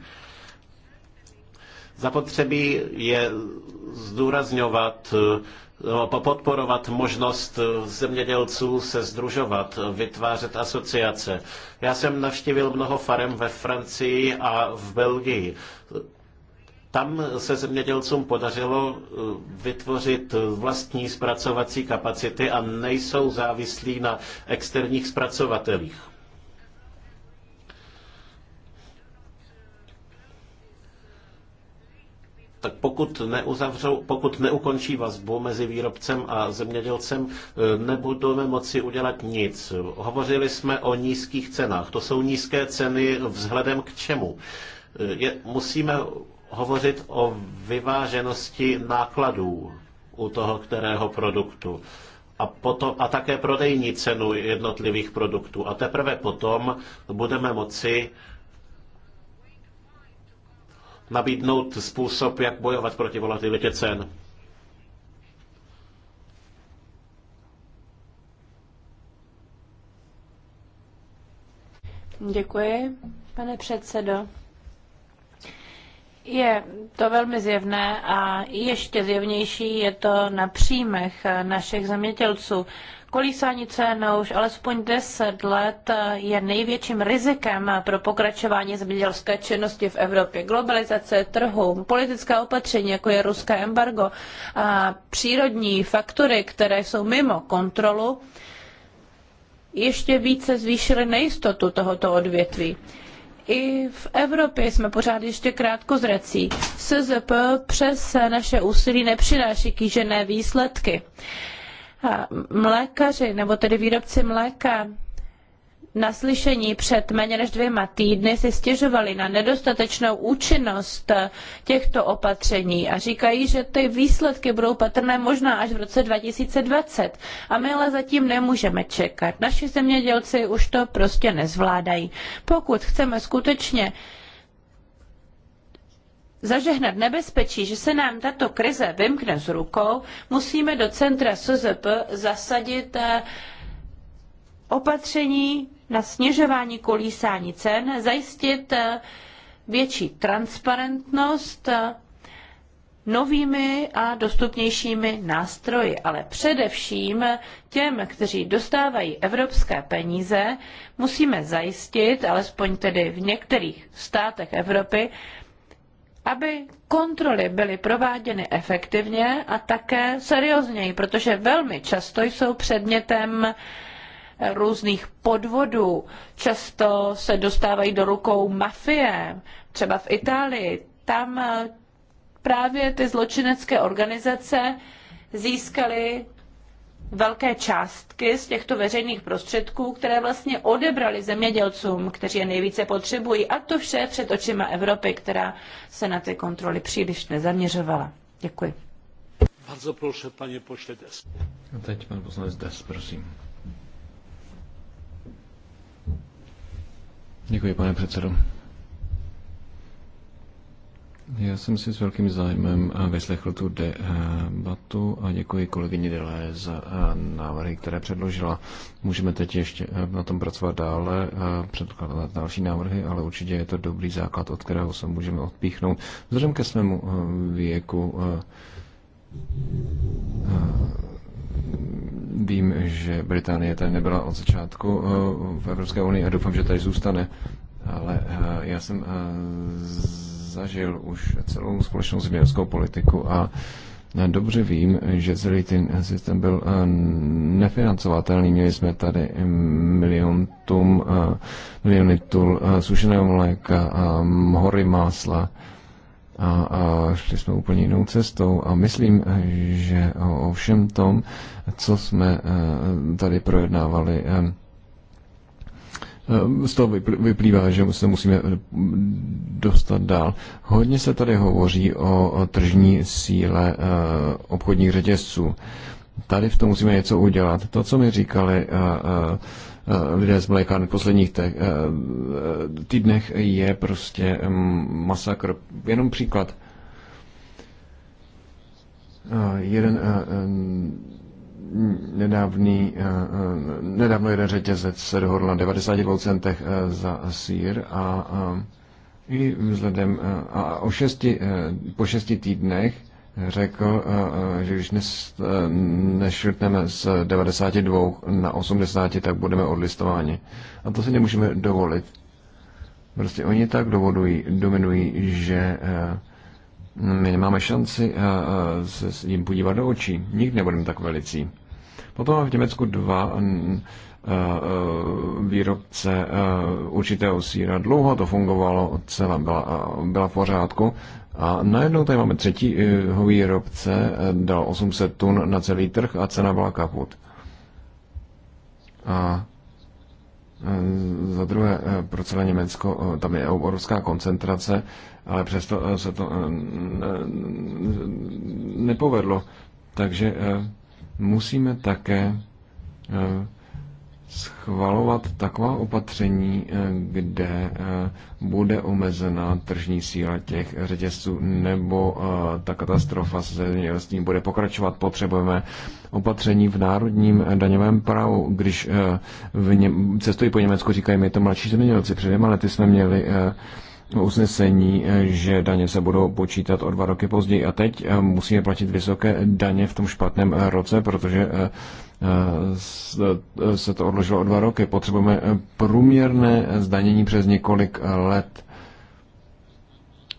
[SPEAKER 3] Zapotřebí je zdůrazňovat, Eh, podporovat možnost eh, zemědělců se združovat, vytvářet asociace. Já jsem navštívil mnoho farem ve Francii a v Belgii. Tam se zemědělcům podařilo eh, vytvořit vlastní zpracovací kapacity a nejsou závislí na externích zpracovatelích. tak pokud, neuzavřou, pokud neukončí vazbu mezi výrobcem a zemědělcem, eh, nebudeme moci udělat nic. Hovořili jsme o nízkých cenách. To jsou nízké ceny vzhledem k čemu? Eh, je, musíme hovořit o vyváženosti nákladů u toho kterého produktu a, potom, a také prodejní cenu jednotlivých produktů. A teprve potom budeme moci nabídnout způsob, jak bojovat proti volatilitě cen.
[SPEAKER 2] Děkuji, pane předsedo. Je to velmi zjevné a ještě zjevnější je to na příjmech našich zemědělců. Kolísání cen no už alespoň 10 let eh, je největším rizikem pro pokračování zemědělské činnosti v Evropě. Globalizace trhu, politická opatření, jako je ruské embargo a přírodní faktory, které jsou mimo kontrolu, ještě více zvýšily nejistotu tohoto odvětví. I v Evropě jsme pořád ještě krátko zrací. SZP přes naše úsilí nepřináší kýžené výsledky mlékaři, nebo tedy výrobci mléka, na slyšení před méně než dvěma týdny si stěžovali na nedostatečnou účinnost těchto opatření a říkají, že ty výsledky budou patrné možná až v roce 2020. A my ale zatím nemůžeme čekat. Naši zemědělci už to prostě nezvládají. Pokud chceme skutečně zažehnat nebezpečí, že se nám tato krize vymkne z rukou, musíme do centra SZP zasadit eh, opatření na snižování kolísání cen, zajistit eh, větší transparentnost eh, novými a dostupnějšími nástroji, ale především těm, kteří dostávají evropské peníze, musíme zajistit, alespoň tedy v některých státech Evropy, aby kontroly byly prováděny efektivně a také seriózněji, protože velmi často jsou předmětem různých podvodů. Často se dostávají do rukou mafie, třeba v Itálii. Tam právě ty zločinecké organizace získaly velké částky z těchto veřejných prostředků, které vlastně odebrali zemědělcům, kteří je nejvíce potřebují. A to vše před očima Evropy, která se na ty kontroly příliš nezaměřovala. Děkuji.
[SPEAKER 3] Bardzo proszę, panie pośle Des.
[SPEAKER 1] A teď pan poslanec Des, prosím. Děkuji, pane předsedo. Já jsem si s velkým zájmem eh, vyslechl tu debatu a děkuji kolegyni Dele za eh, návrhy, které předložila. Můžeme teď ještě eh, na tom pracovat dále, předkládat další návrhy, ale určitě je to dobrý základ, od kterého se můžeme odpíchnout. Vzhledem ke svému věku vím, že Británie tady nebyla od začátku v Evropské unii a doufám, že tady zůstane. Ale já jsem z zažil už celou společnou zemědělskou politiku a dobře vím, že celý ten systém byl eh, nefinancovatelný. Měli jsme tady milion tum, eh, miliony tul eh, sušeného mléka, hory másla a, a šli jsme úplně jinou cestou a myslím, že o všem tom, co jsme tady projednávali, Ehm, z toho vyplývá, že se musíme eh, dostat dál. Hodně se tady hovoří o tržní síle eh, obchodních řetězců. Tady v tom musíme něco udělat. To, co mi říkali eh, lidé z mlékárny v posledních týdnech, je prostě ehm, masakr. Jenom příklad. Jeden nedávný, eh, eh, nedávno jeden řetězec se dohodl na 92 centech eh, za sír a i vzhledem a o šesti, po šesti týdnech řekl, že když nešrtneme z 92 na 80, tak budeme odlistováni. A to si nemůžeme dovolit. Prostě oni tak dovodují, dominují, že my nemáme šanci eh, eh, se ním podívat do očí. Nikdy nebudeme tak velicí. Potom máme v Německu dva eh, výrobce určitého síra. Dlouho to fungovalo, celá byla, byla v pořádku. A najednou tady máme třetího výrobce, dal 800 tun na celý trh a cena byla kaput. A za druhé, pro celé Německo, tam je obrovská koncentrace ale přesto eh, se to eh, nepovedlo. Takže eh, musíme také schvalovat taková opatření, kde bude omezena tržní síla těch řetězců, nebo ta katastrofa se tím bude pokračovat. Potřebujeme opatření v národním daňovém právu. Když v něm, cestují po Německu, říkají mi to mladší zemědělci. Před dvěma lety jsme měli usnesení, eh, že daně se budou počítat o dva roky později a teď eh, musíme platit vysoké daně v tom špatném eh, roce, protože se to odložilo o dva roky. Potřebujeme průměrné zdanění přes několik let.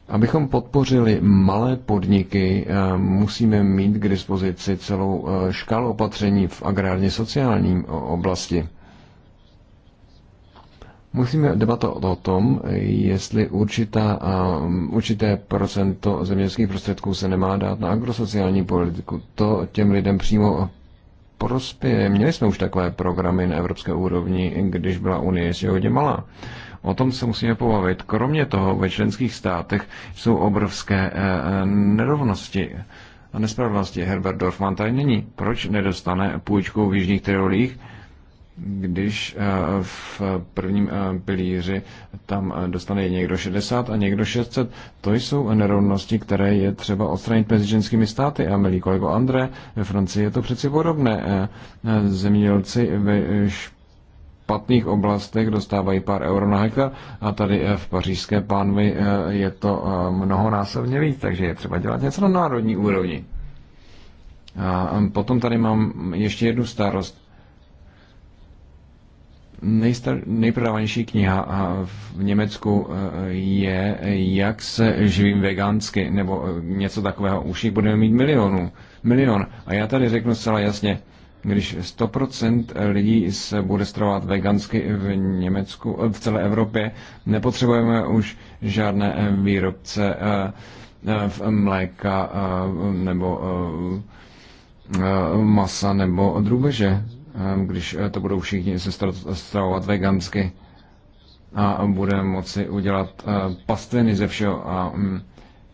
[SPEAKER 1] Abychom podpořili malé podniky, musíme mít k dispozici celou škálu opatření v agrárně sociálním oblasti. Musíme debatovat o tom, jestli určitá, určité procento zemědělských prostředků se nemá dát na agrosociální politiku. To těm lidem přímo prospěje. Měli jsme už takové programy na evropské úrovni, když byla Unie ještě hodně malá. O tom se musíme pobavit. Kromě toho ve členských státech jsou obrovské e, e, nerovnosti a nespravedlnosti. Herbert Dorfman tady není. Proč nedostane půjčku v Jižních Tyrolích? když eh, v prvním eh, pilíři tam eh, dostane někdo 60 a někdo 600, to jsou nerovnosti, které je třeba odstranit mezi ženskými státy. A milý kolego André, ve Francii je to přeci podobné. Zemědělci ve špatných oblastech dostávají pár euro na hektar a tady v pařížské pánvi je to mnohonásobně víc, takže je třeba dělat něco na národní úrovni. A potom tady mám ještě jednu starost Nejstar, nejprodávanější kniha v Německu e, je Jak se živím vegansky, nebo e, něco takového. Už jich budeme mít milionů. Milion. A já tady řeknu zcela jasně, když 100% lidí se bude stravovat vegansky v Německu, e, v celé Evropě, nepotřebujeme už žádné výrobce v mléka nebo masa nebo drůbeže Ehm, když eh, to budou všichni se stravovat vegansky a budeme moci udělat eh, pastviny ze všeho a mm,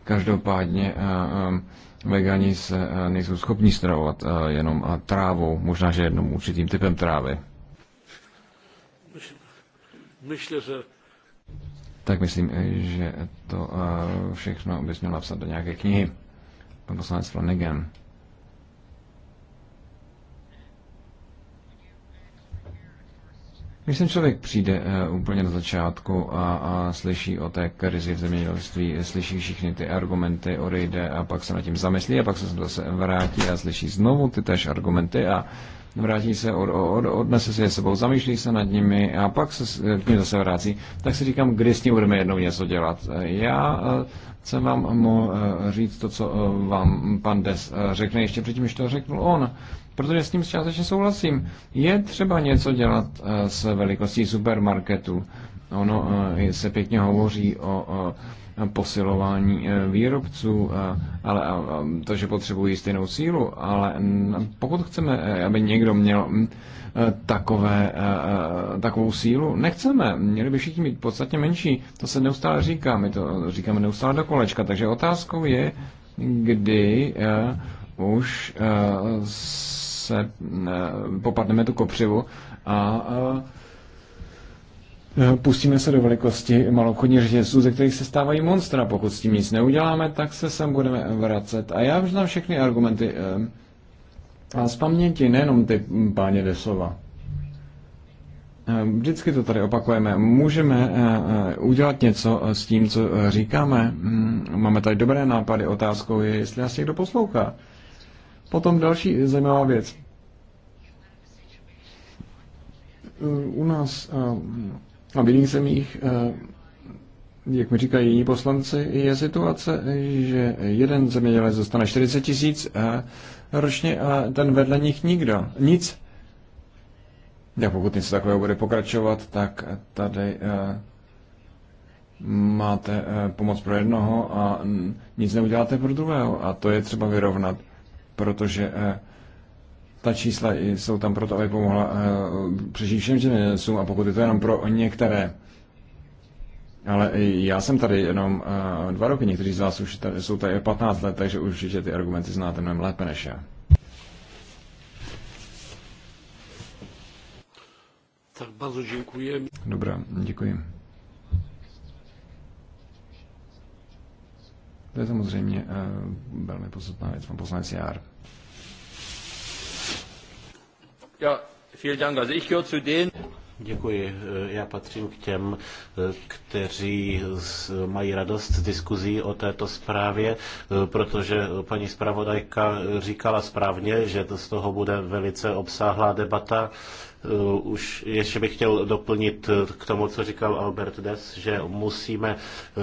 [SPEAKER 1] každopádně eh, ehm, vegani se nejsou schopni stravovat jenom trávou, možná, že jednou určitým typem trávy. Myslím, že... Tak myslím, že to všechno bys měl napsat do nějaké knihy. Pan poslanec Flanagan. Když ten člověk přijde uh, úplně na začátku a, a slyší o té krizi v zemědělství, slyší všechny ty argumenty, odejde a pak se nad tím zamyslí a pak se zase vrátí a slyší znovu ty tež argumenty a vrátí se, od, od, odnese si je sebou, zamýšlí se nad nimi a pak se eh, k ním zase vrátí. tak si říkám, kdy s tím budeme jednou něco dělat. Eh, já jsem vám mohl říct to, co vám pan Des řekne ještě předtím, než to řekl on protože s tím částečně souhlasím. Je třeba něco dělat eh, s velikostí supermarketu. Ono eh, se pěkně hovoří o posilování eh, výrobců, ale to, že potřebují stejnou sílu, ale mm, pokud chceme, aby někdo měl mm, takové, takovou sílu, nechceme, měli by všichni být podstatně menší, to se neustále říká, my to říkáme neustále do kolečka, takže otázkou je, kdy už s se eh, popadneme tu kopřivu a eh, eh, pustíme se do velikosti malochodních řetězců, ze kterých se stávají monstra. Pokud s tím nic neuděláme, tak se sem budeme vracet. A já už znám všechny argumenty a z paměti, nejenom ty hm, páně Deslova. Vždycky to tady opakujeme. Můžeme udělat něco s tím, co říkáme. Hm, máme tady dobré nápady. Otázkou je, jestli nás někdo poslouchá. Potom další zajímavá věc. U nás a v jiných zemích, jak mi říkají jiní poslanci, je situace, že jeden zemědělec dostane 40 tisíc ročně a ten vedle nich nikdo. Nic. Já pokud něco takového bude pokračovat, tak tady máte pomoc pro jednoho a nic neuděláte pro druhého. A to je třeba vyrovnat protože eh, ta čísla jsou tam proto, aby pomohla eh, přežít všem zemědělcům a pokud je to jenom pro některé, ale já jsem tady jenom eh, dva roky, někteří z vás už tady, jsou tady 15 let, takže určitě ty argumenty znáte mnohem lépe než já.
[SPEAKER 3] Tak bardzo dziękuję. Dobra,
[SPEAKER 1] děkuji. To je samozřejmě eh, velmi podstatná věc, pan poslanec Jár.
[SPEAKER 3] Ja, vielen Dank. Also ich gehöre zu den... Děkuji. Eh, já patřím k těm, eh, kteří mají radost z diskuzí o této zprávě, protože paní zpravodajka říkala správně, že to z toho bude velice obsáhlá debata Eh, už ještě bych chtěl doplnit eh, k tomu, co říkal Albert Des, že musíme eh,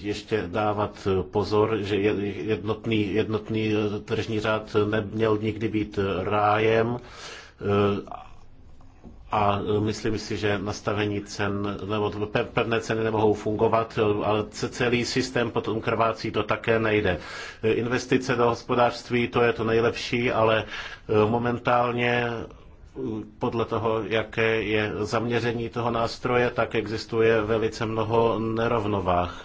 [SPEAKER 3] ještě dávat pozor, že jednotný, jednotný tržní řád neměl nikdy být rájem a myslím si, že nastavení cen nebo pevné ceny nemohou fungovat, ale celý systém potom krvácí, to také nejde. Investice do hospodářství, to je to nejlepší, ale momentálně podle toho, jaké je zaměření toho nástroje, tak existuje velice mnoho nerovnovách.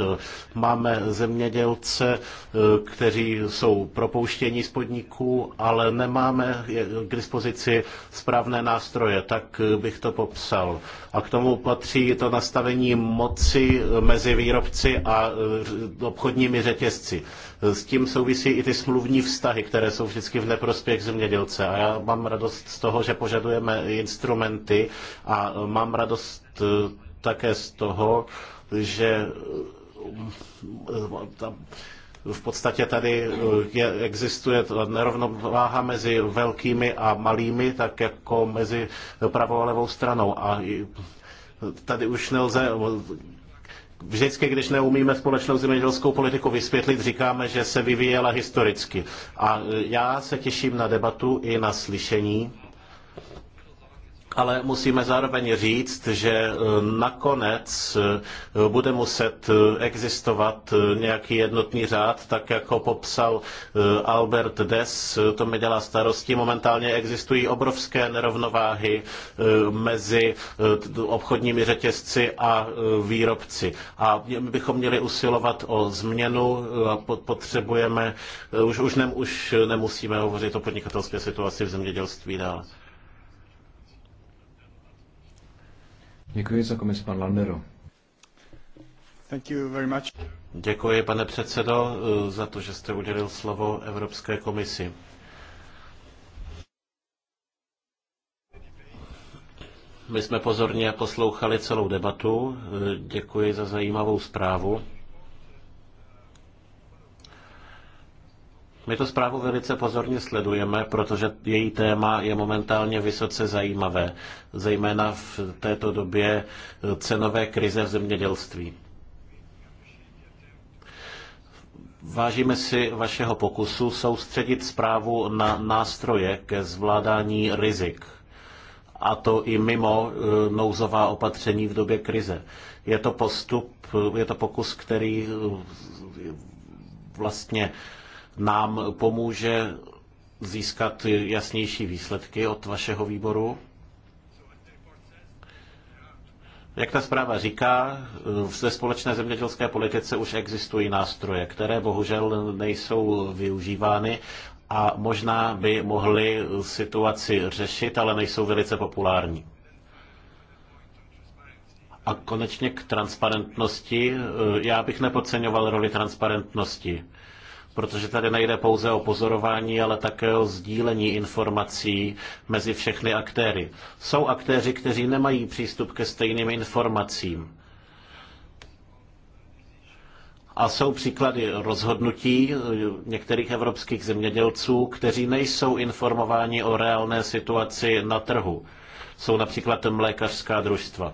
[SPEAKER 3] Máme zemědělce, eh, kteří jsou propouštění z podniků, ale nemáme k dispozici správné nástroje, tak bych to popsal. A k tomu patří to nastavení moci mezi výrobci a e, obchodními řetězci. S tím souvisí i ty smluvní vztahy, které jsou vždycky v neprospěch zemědělce. A já mám radost z toho, že požadujeme instrumenty a mám radost e, také z toho, že e, v podstatě tady eh, je, existuje nerovnováha mezi velkými a malými, tak jako mezi pravou a levou stranou. A tady už nelze vždycky, když neumíme společnou zemědělskou politiku vysvětlit, říkáme, že se vyvíjela historicky. A já se těším na debatu i na slyšení ale musíme zároveň říct, že eh, nakonec eh, bude muset eh, existovat nějaký jednotný řád, tak jako popsal Albert Des, to mi dělá starosti. Momentálně existují obrovské nerovnováhy mezi obchodními řetězci a výrobci. A my bychom měli usilovat o změnu a potřebujeme, už, už, nem už nemusíme hovořit o podnikatelské situaci v zemědělství dále. Děkuji
[SPEAKER 1] za komis, pan Landero.
[SPEAKER 3] Děkuji, pane předsedo, za to, že jste udělil slovo Evropské komisi. My jsme pozorně poslouchali celou debatu. Děkuji za zajímavou zprávu. My to zprávu velice pozorně sledujeme, protože její téma je momentálně vysoce zajímavé, zejména v této době eh, cenové krize v zemědělství. Vážíme si vašeho pokusu soustředit zprávu na nástroje ke zvládání rizik, a to i mimo eh, nouzová opatření v době krize. Je to postup, eh, je to pokus, který vlastně nám pomůže získat jasnější výsledky od vašeho výboru. Jak ta zpráva říká, ve společné zemědělské politice už existují nástroje, které bohužel nejsou využívány a možná by mohly situaci řešit, ale nejsou velice populární. A konečně k transparentnosti. Já bych nepodceňoval roli transparentnosti protože tady nejde pouze o pozorování, ale také o sdílení informací mezi všechny aktéry. Jsou aktéři, kteří nemají přístup ke stejným informacím. A jsou příklady rozhodnutí některých evropských zemědělců, kteří nejsou informováni o reálné situaci na trhu. Jsou například mlékařská družstva.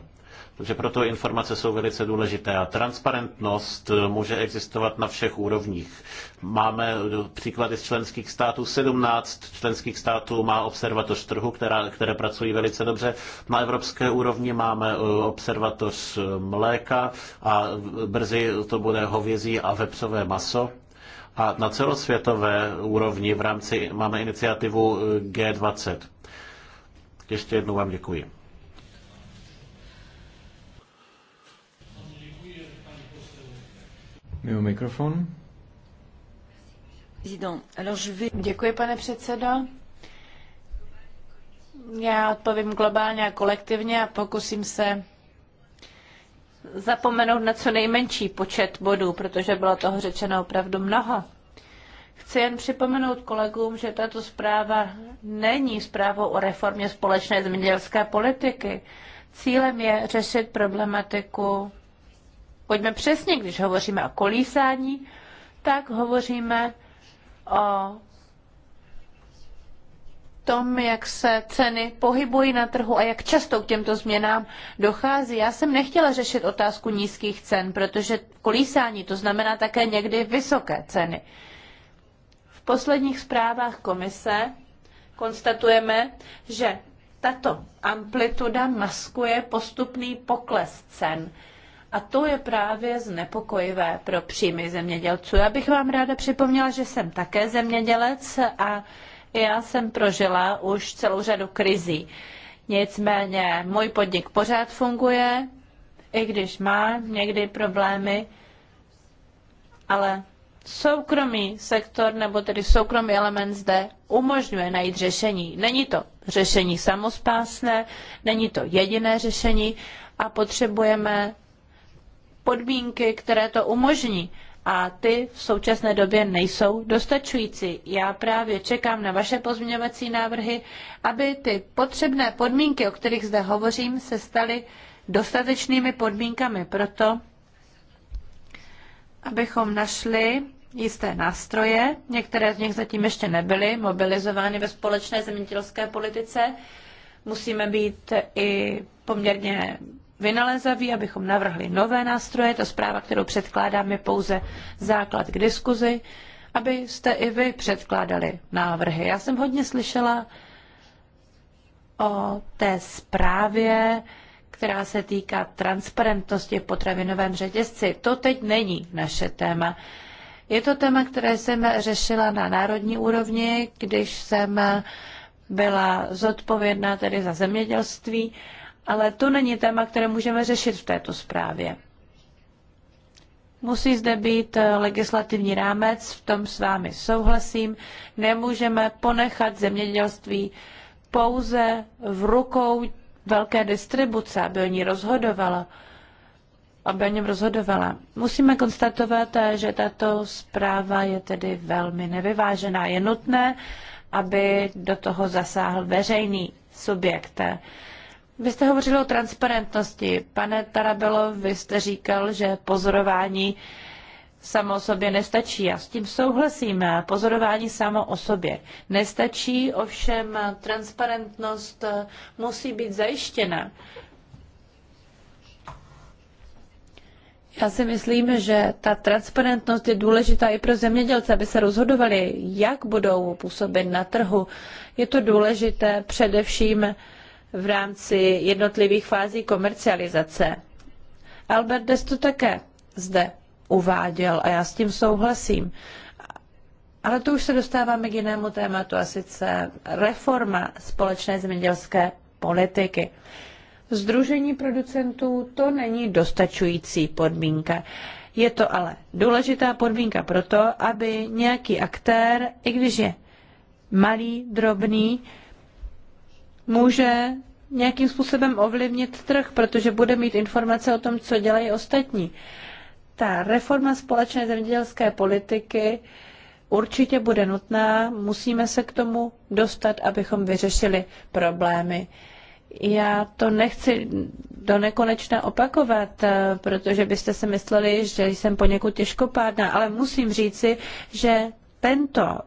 [SPEAKER 3] Takže proto informace jsou velice důležité a transparentnost eh, může existovat na všech úrovních. Máme eh, příklady z členských států, 17 členských států má observatoř trhu, která, které pracují velice dobře. Na evropské úrovni máme eh, observatoř mléka a brzy to bude hovězí a vepřové maso. A na celosvětové úrovni v rámci máme iniciativu G20. Ještě jednou vám děkuji.
[SPEAKER 1] Mimo mikrofon.
[SPEAKER 2] Děkuji, pane předsedo. Já odpovím globálně a kolektivně a pokusím se zapomenout na co nejmenší počet bodů, protože bylo toho řečeno opravdu mnoho. Chci jen připomenout kolegům, že tato zpráva není zprávou o reformě společné zemědělské politiky. Cílem je řešit problematiku Pojďme přesně, když hovoříme o kolísání, tak hovoříme o tom, jak se ceny pohybují na trhu a jak často k těmto změnám dochází. Já jsem nechtěla řešit otázku nízkých cen, protože kolísání to znamená také někdy vysoké ceny. V posledních zprávách komise konstatujeme, že tato amplituda maskuje postupný pokles cen. A to je právě znepokojivé pro příjmy zemědělců. Já bych vám ráda připomněla, že jsem také zemědělec a já jsem prožila už celou řadu krizí. Nicméně můj podnik pořád funguje, i když má někdy problémy, ale soukromý sektor nebo tedy soukromý element zde umožňuje najít řešení. Není to řešení samospásné, není to jediné řešení a potřebujeme podmínky, které to umožní. A ty v současné době nejsou dostačující. Já právě čekám na vaše pozměňovací návrhy, aby ty potřebné podmínky, o kterých zde hovořím, se staly dostatečnými podmínkami pro to, abychom našli jisté nástroje, některé z nich zatím ještě nebyly mobilizovány ve společné zemědělské politice. Musíme být i poměrně vynalézaví, abychom navrhli nové nástroje. Ta zpráva, kterou předkládám, je pouze základ k diskuzi, abyste i vy předkládali návrhy. Já jsem hodně slyšela o té zprávě, která se týká transparentnosti v potravinovém řetězci. To teď není naše téma. Je to téma, které jsem řešila na národní úrovni, když jsem byla zodpovědná tedy za zemědělství ale to není téma, které můžeme řešit v této zprávě. Musí zde být eh, legislativní rámec, v tom s vámi souhlasím. Nemůžeme ponechat zemědělství pouze v rukou velké distribuce, aby o ní rozhodovala. Aby o něm rozhodovala. Musíme konstatovat, eh, že tato zpráva je tedy velmi nevyvážená. Je nutné, aby do toho zasáhl veřejný subjekt. Vy jste hovořil o transparentnosti. Pane Tarabelo, vy jste říkal, že pozorování samo o sobě nestačí. Já s tím souhlasím. Pozorování samo o sobě nestačí, ovšem transparentnost musí být zajištěna. Já si myslím, že ta transparentnost je důležitá i pro zemědělce, aby se rozhodovali, jak budou působit na trhu. Je to důležité především v rámci jednotlivých fází komercializace. Albert Des to také zde uváděl a já s tím souhlasím. Ale to už se dostáváme k jinému tématu, a sice reforma společné zemědělské politiky. Združení producentů to není dostačující podmínka. Je to ale důležitá podmínka pro to, aby nějaký aktér, i když je malý, drobný, může nějakým způsobem ovlivnit trh, protože bude mít informace o tom, co dělají ostatní. Ta reforma společné zemědělské politiky určitě bude nutná, musíme se k tomu dostat, abychom vyřešili problémy. Já to nechci do nekonečna opakovat, protože byste si mysleli, že jsem poněkud těžkopádná, ale musím říci, že tento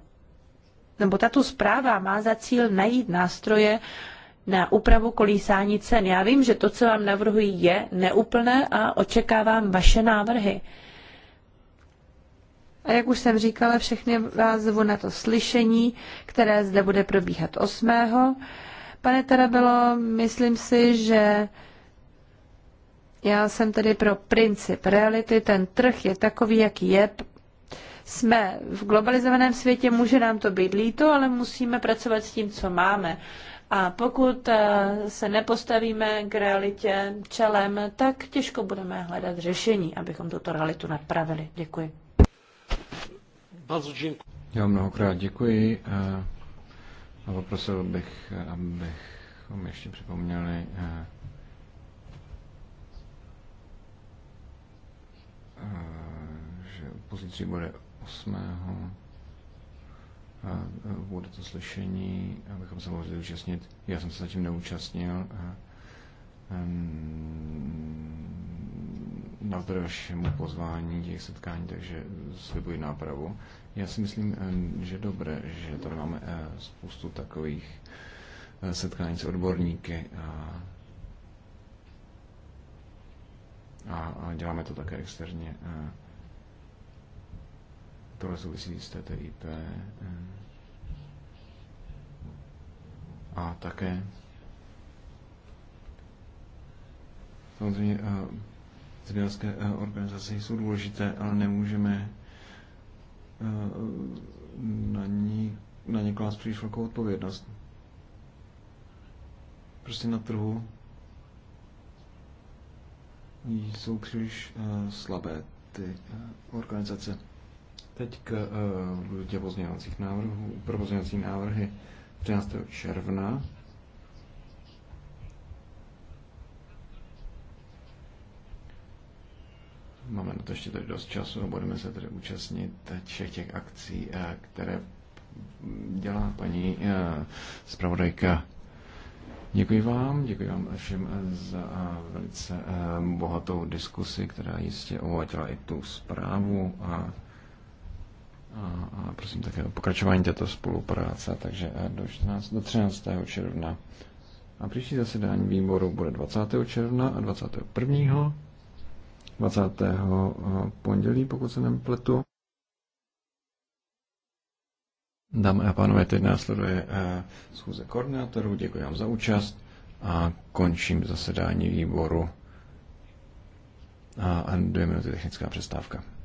[SPEAKER 2] nebo tato zpráva má za cíl najít nástroje na úpravu kolísání cen. Já vím, že to, co vám navrhuji, je neúplné a očekávám vaše návrhy. A jak už jsem říkala, všechny vás zvu na to slyšení, které zde bude probíhat 8. Pane Tarabelo, myslím si, že já jsem tedy pro princip reality. Ten trh je takový, jaký je. Jsme v globalizovaném světě, může nám to být líto, ale musíme pracovat s tím, co máme. A pokud eh, se nepostavíme k realitě čelem, tak těžko budeme hledat řešení, abychom tuto realitu napravili. Děkuji.
[SPEAKER 1] Já mnohokrát děkuji eh, a poprosil bych, eh, abychom ještě připomněli že pozici bude 8. A bude to slyšení, abychom se mohli účastnit. Já jsem se zatím neúčastnil. Mm, na vašemu pozvání těch setkání, takže slibuji nápravu. Já si myslím, e, že dobré, že tady máme e, spoustu takových e, setkání s odborníky a, a, a děláme to také externě. A, Tohle souvisí s TTIP eh, a také samozřejmě eh, zemědělské eh, organizace jsou důležité, ale nemůžeme na, ní, na ně klást příliš velkou odpovědnost. Prostě na trhu jsou příliš slabé ty organizace. Teď k uh, pozměňovacích návrhů, pro pozměňovací návrhy 13. června. Máme na to ještě tady dost času a budeme se tedy účastnit všech těch akcí, eh, které dělá paní eh, zpravodajka. Děkuji vám, děkuji vám všem za velice bohatou diskusi, která jistě obohatila i tu zprávu. A a prosím také o pokračování této spolupráce, takže eh, do, 14, do 13. června. A příští zasedání výboru bude 20. června a 21. 20. Eh, pondělí, pokud se nepletu. Dámy a pánové, teď následuje eh, schůze koordinátorů. Děkuji vám za účast a končím zasedání výboru. A dvě minuty technická přestávka.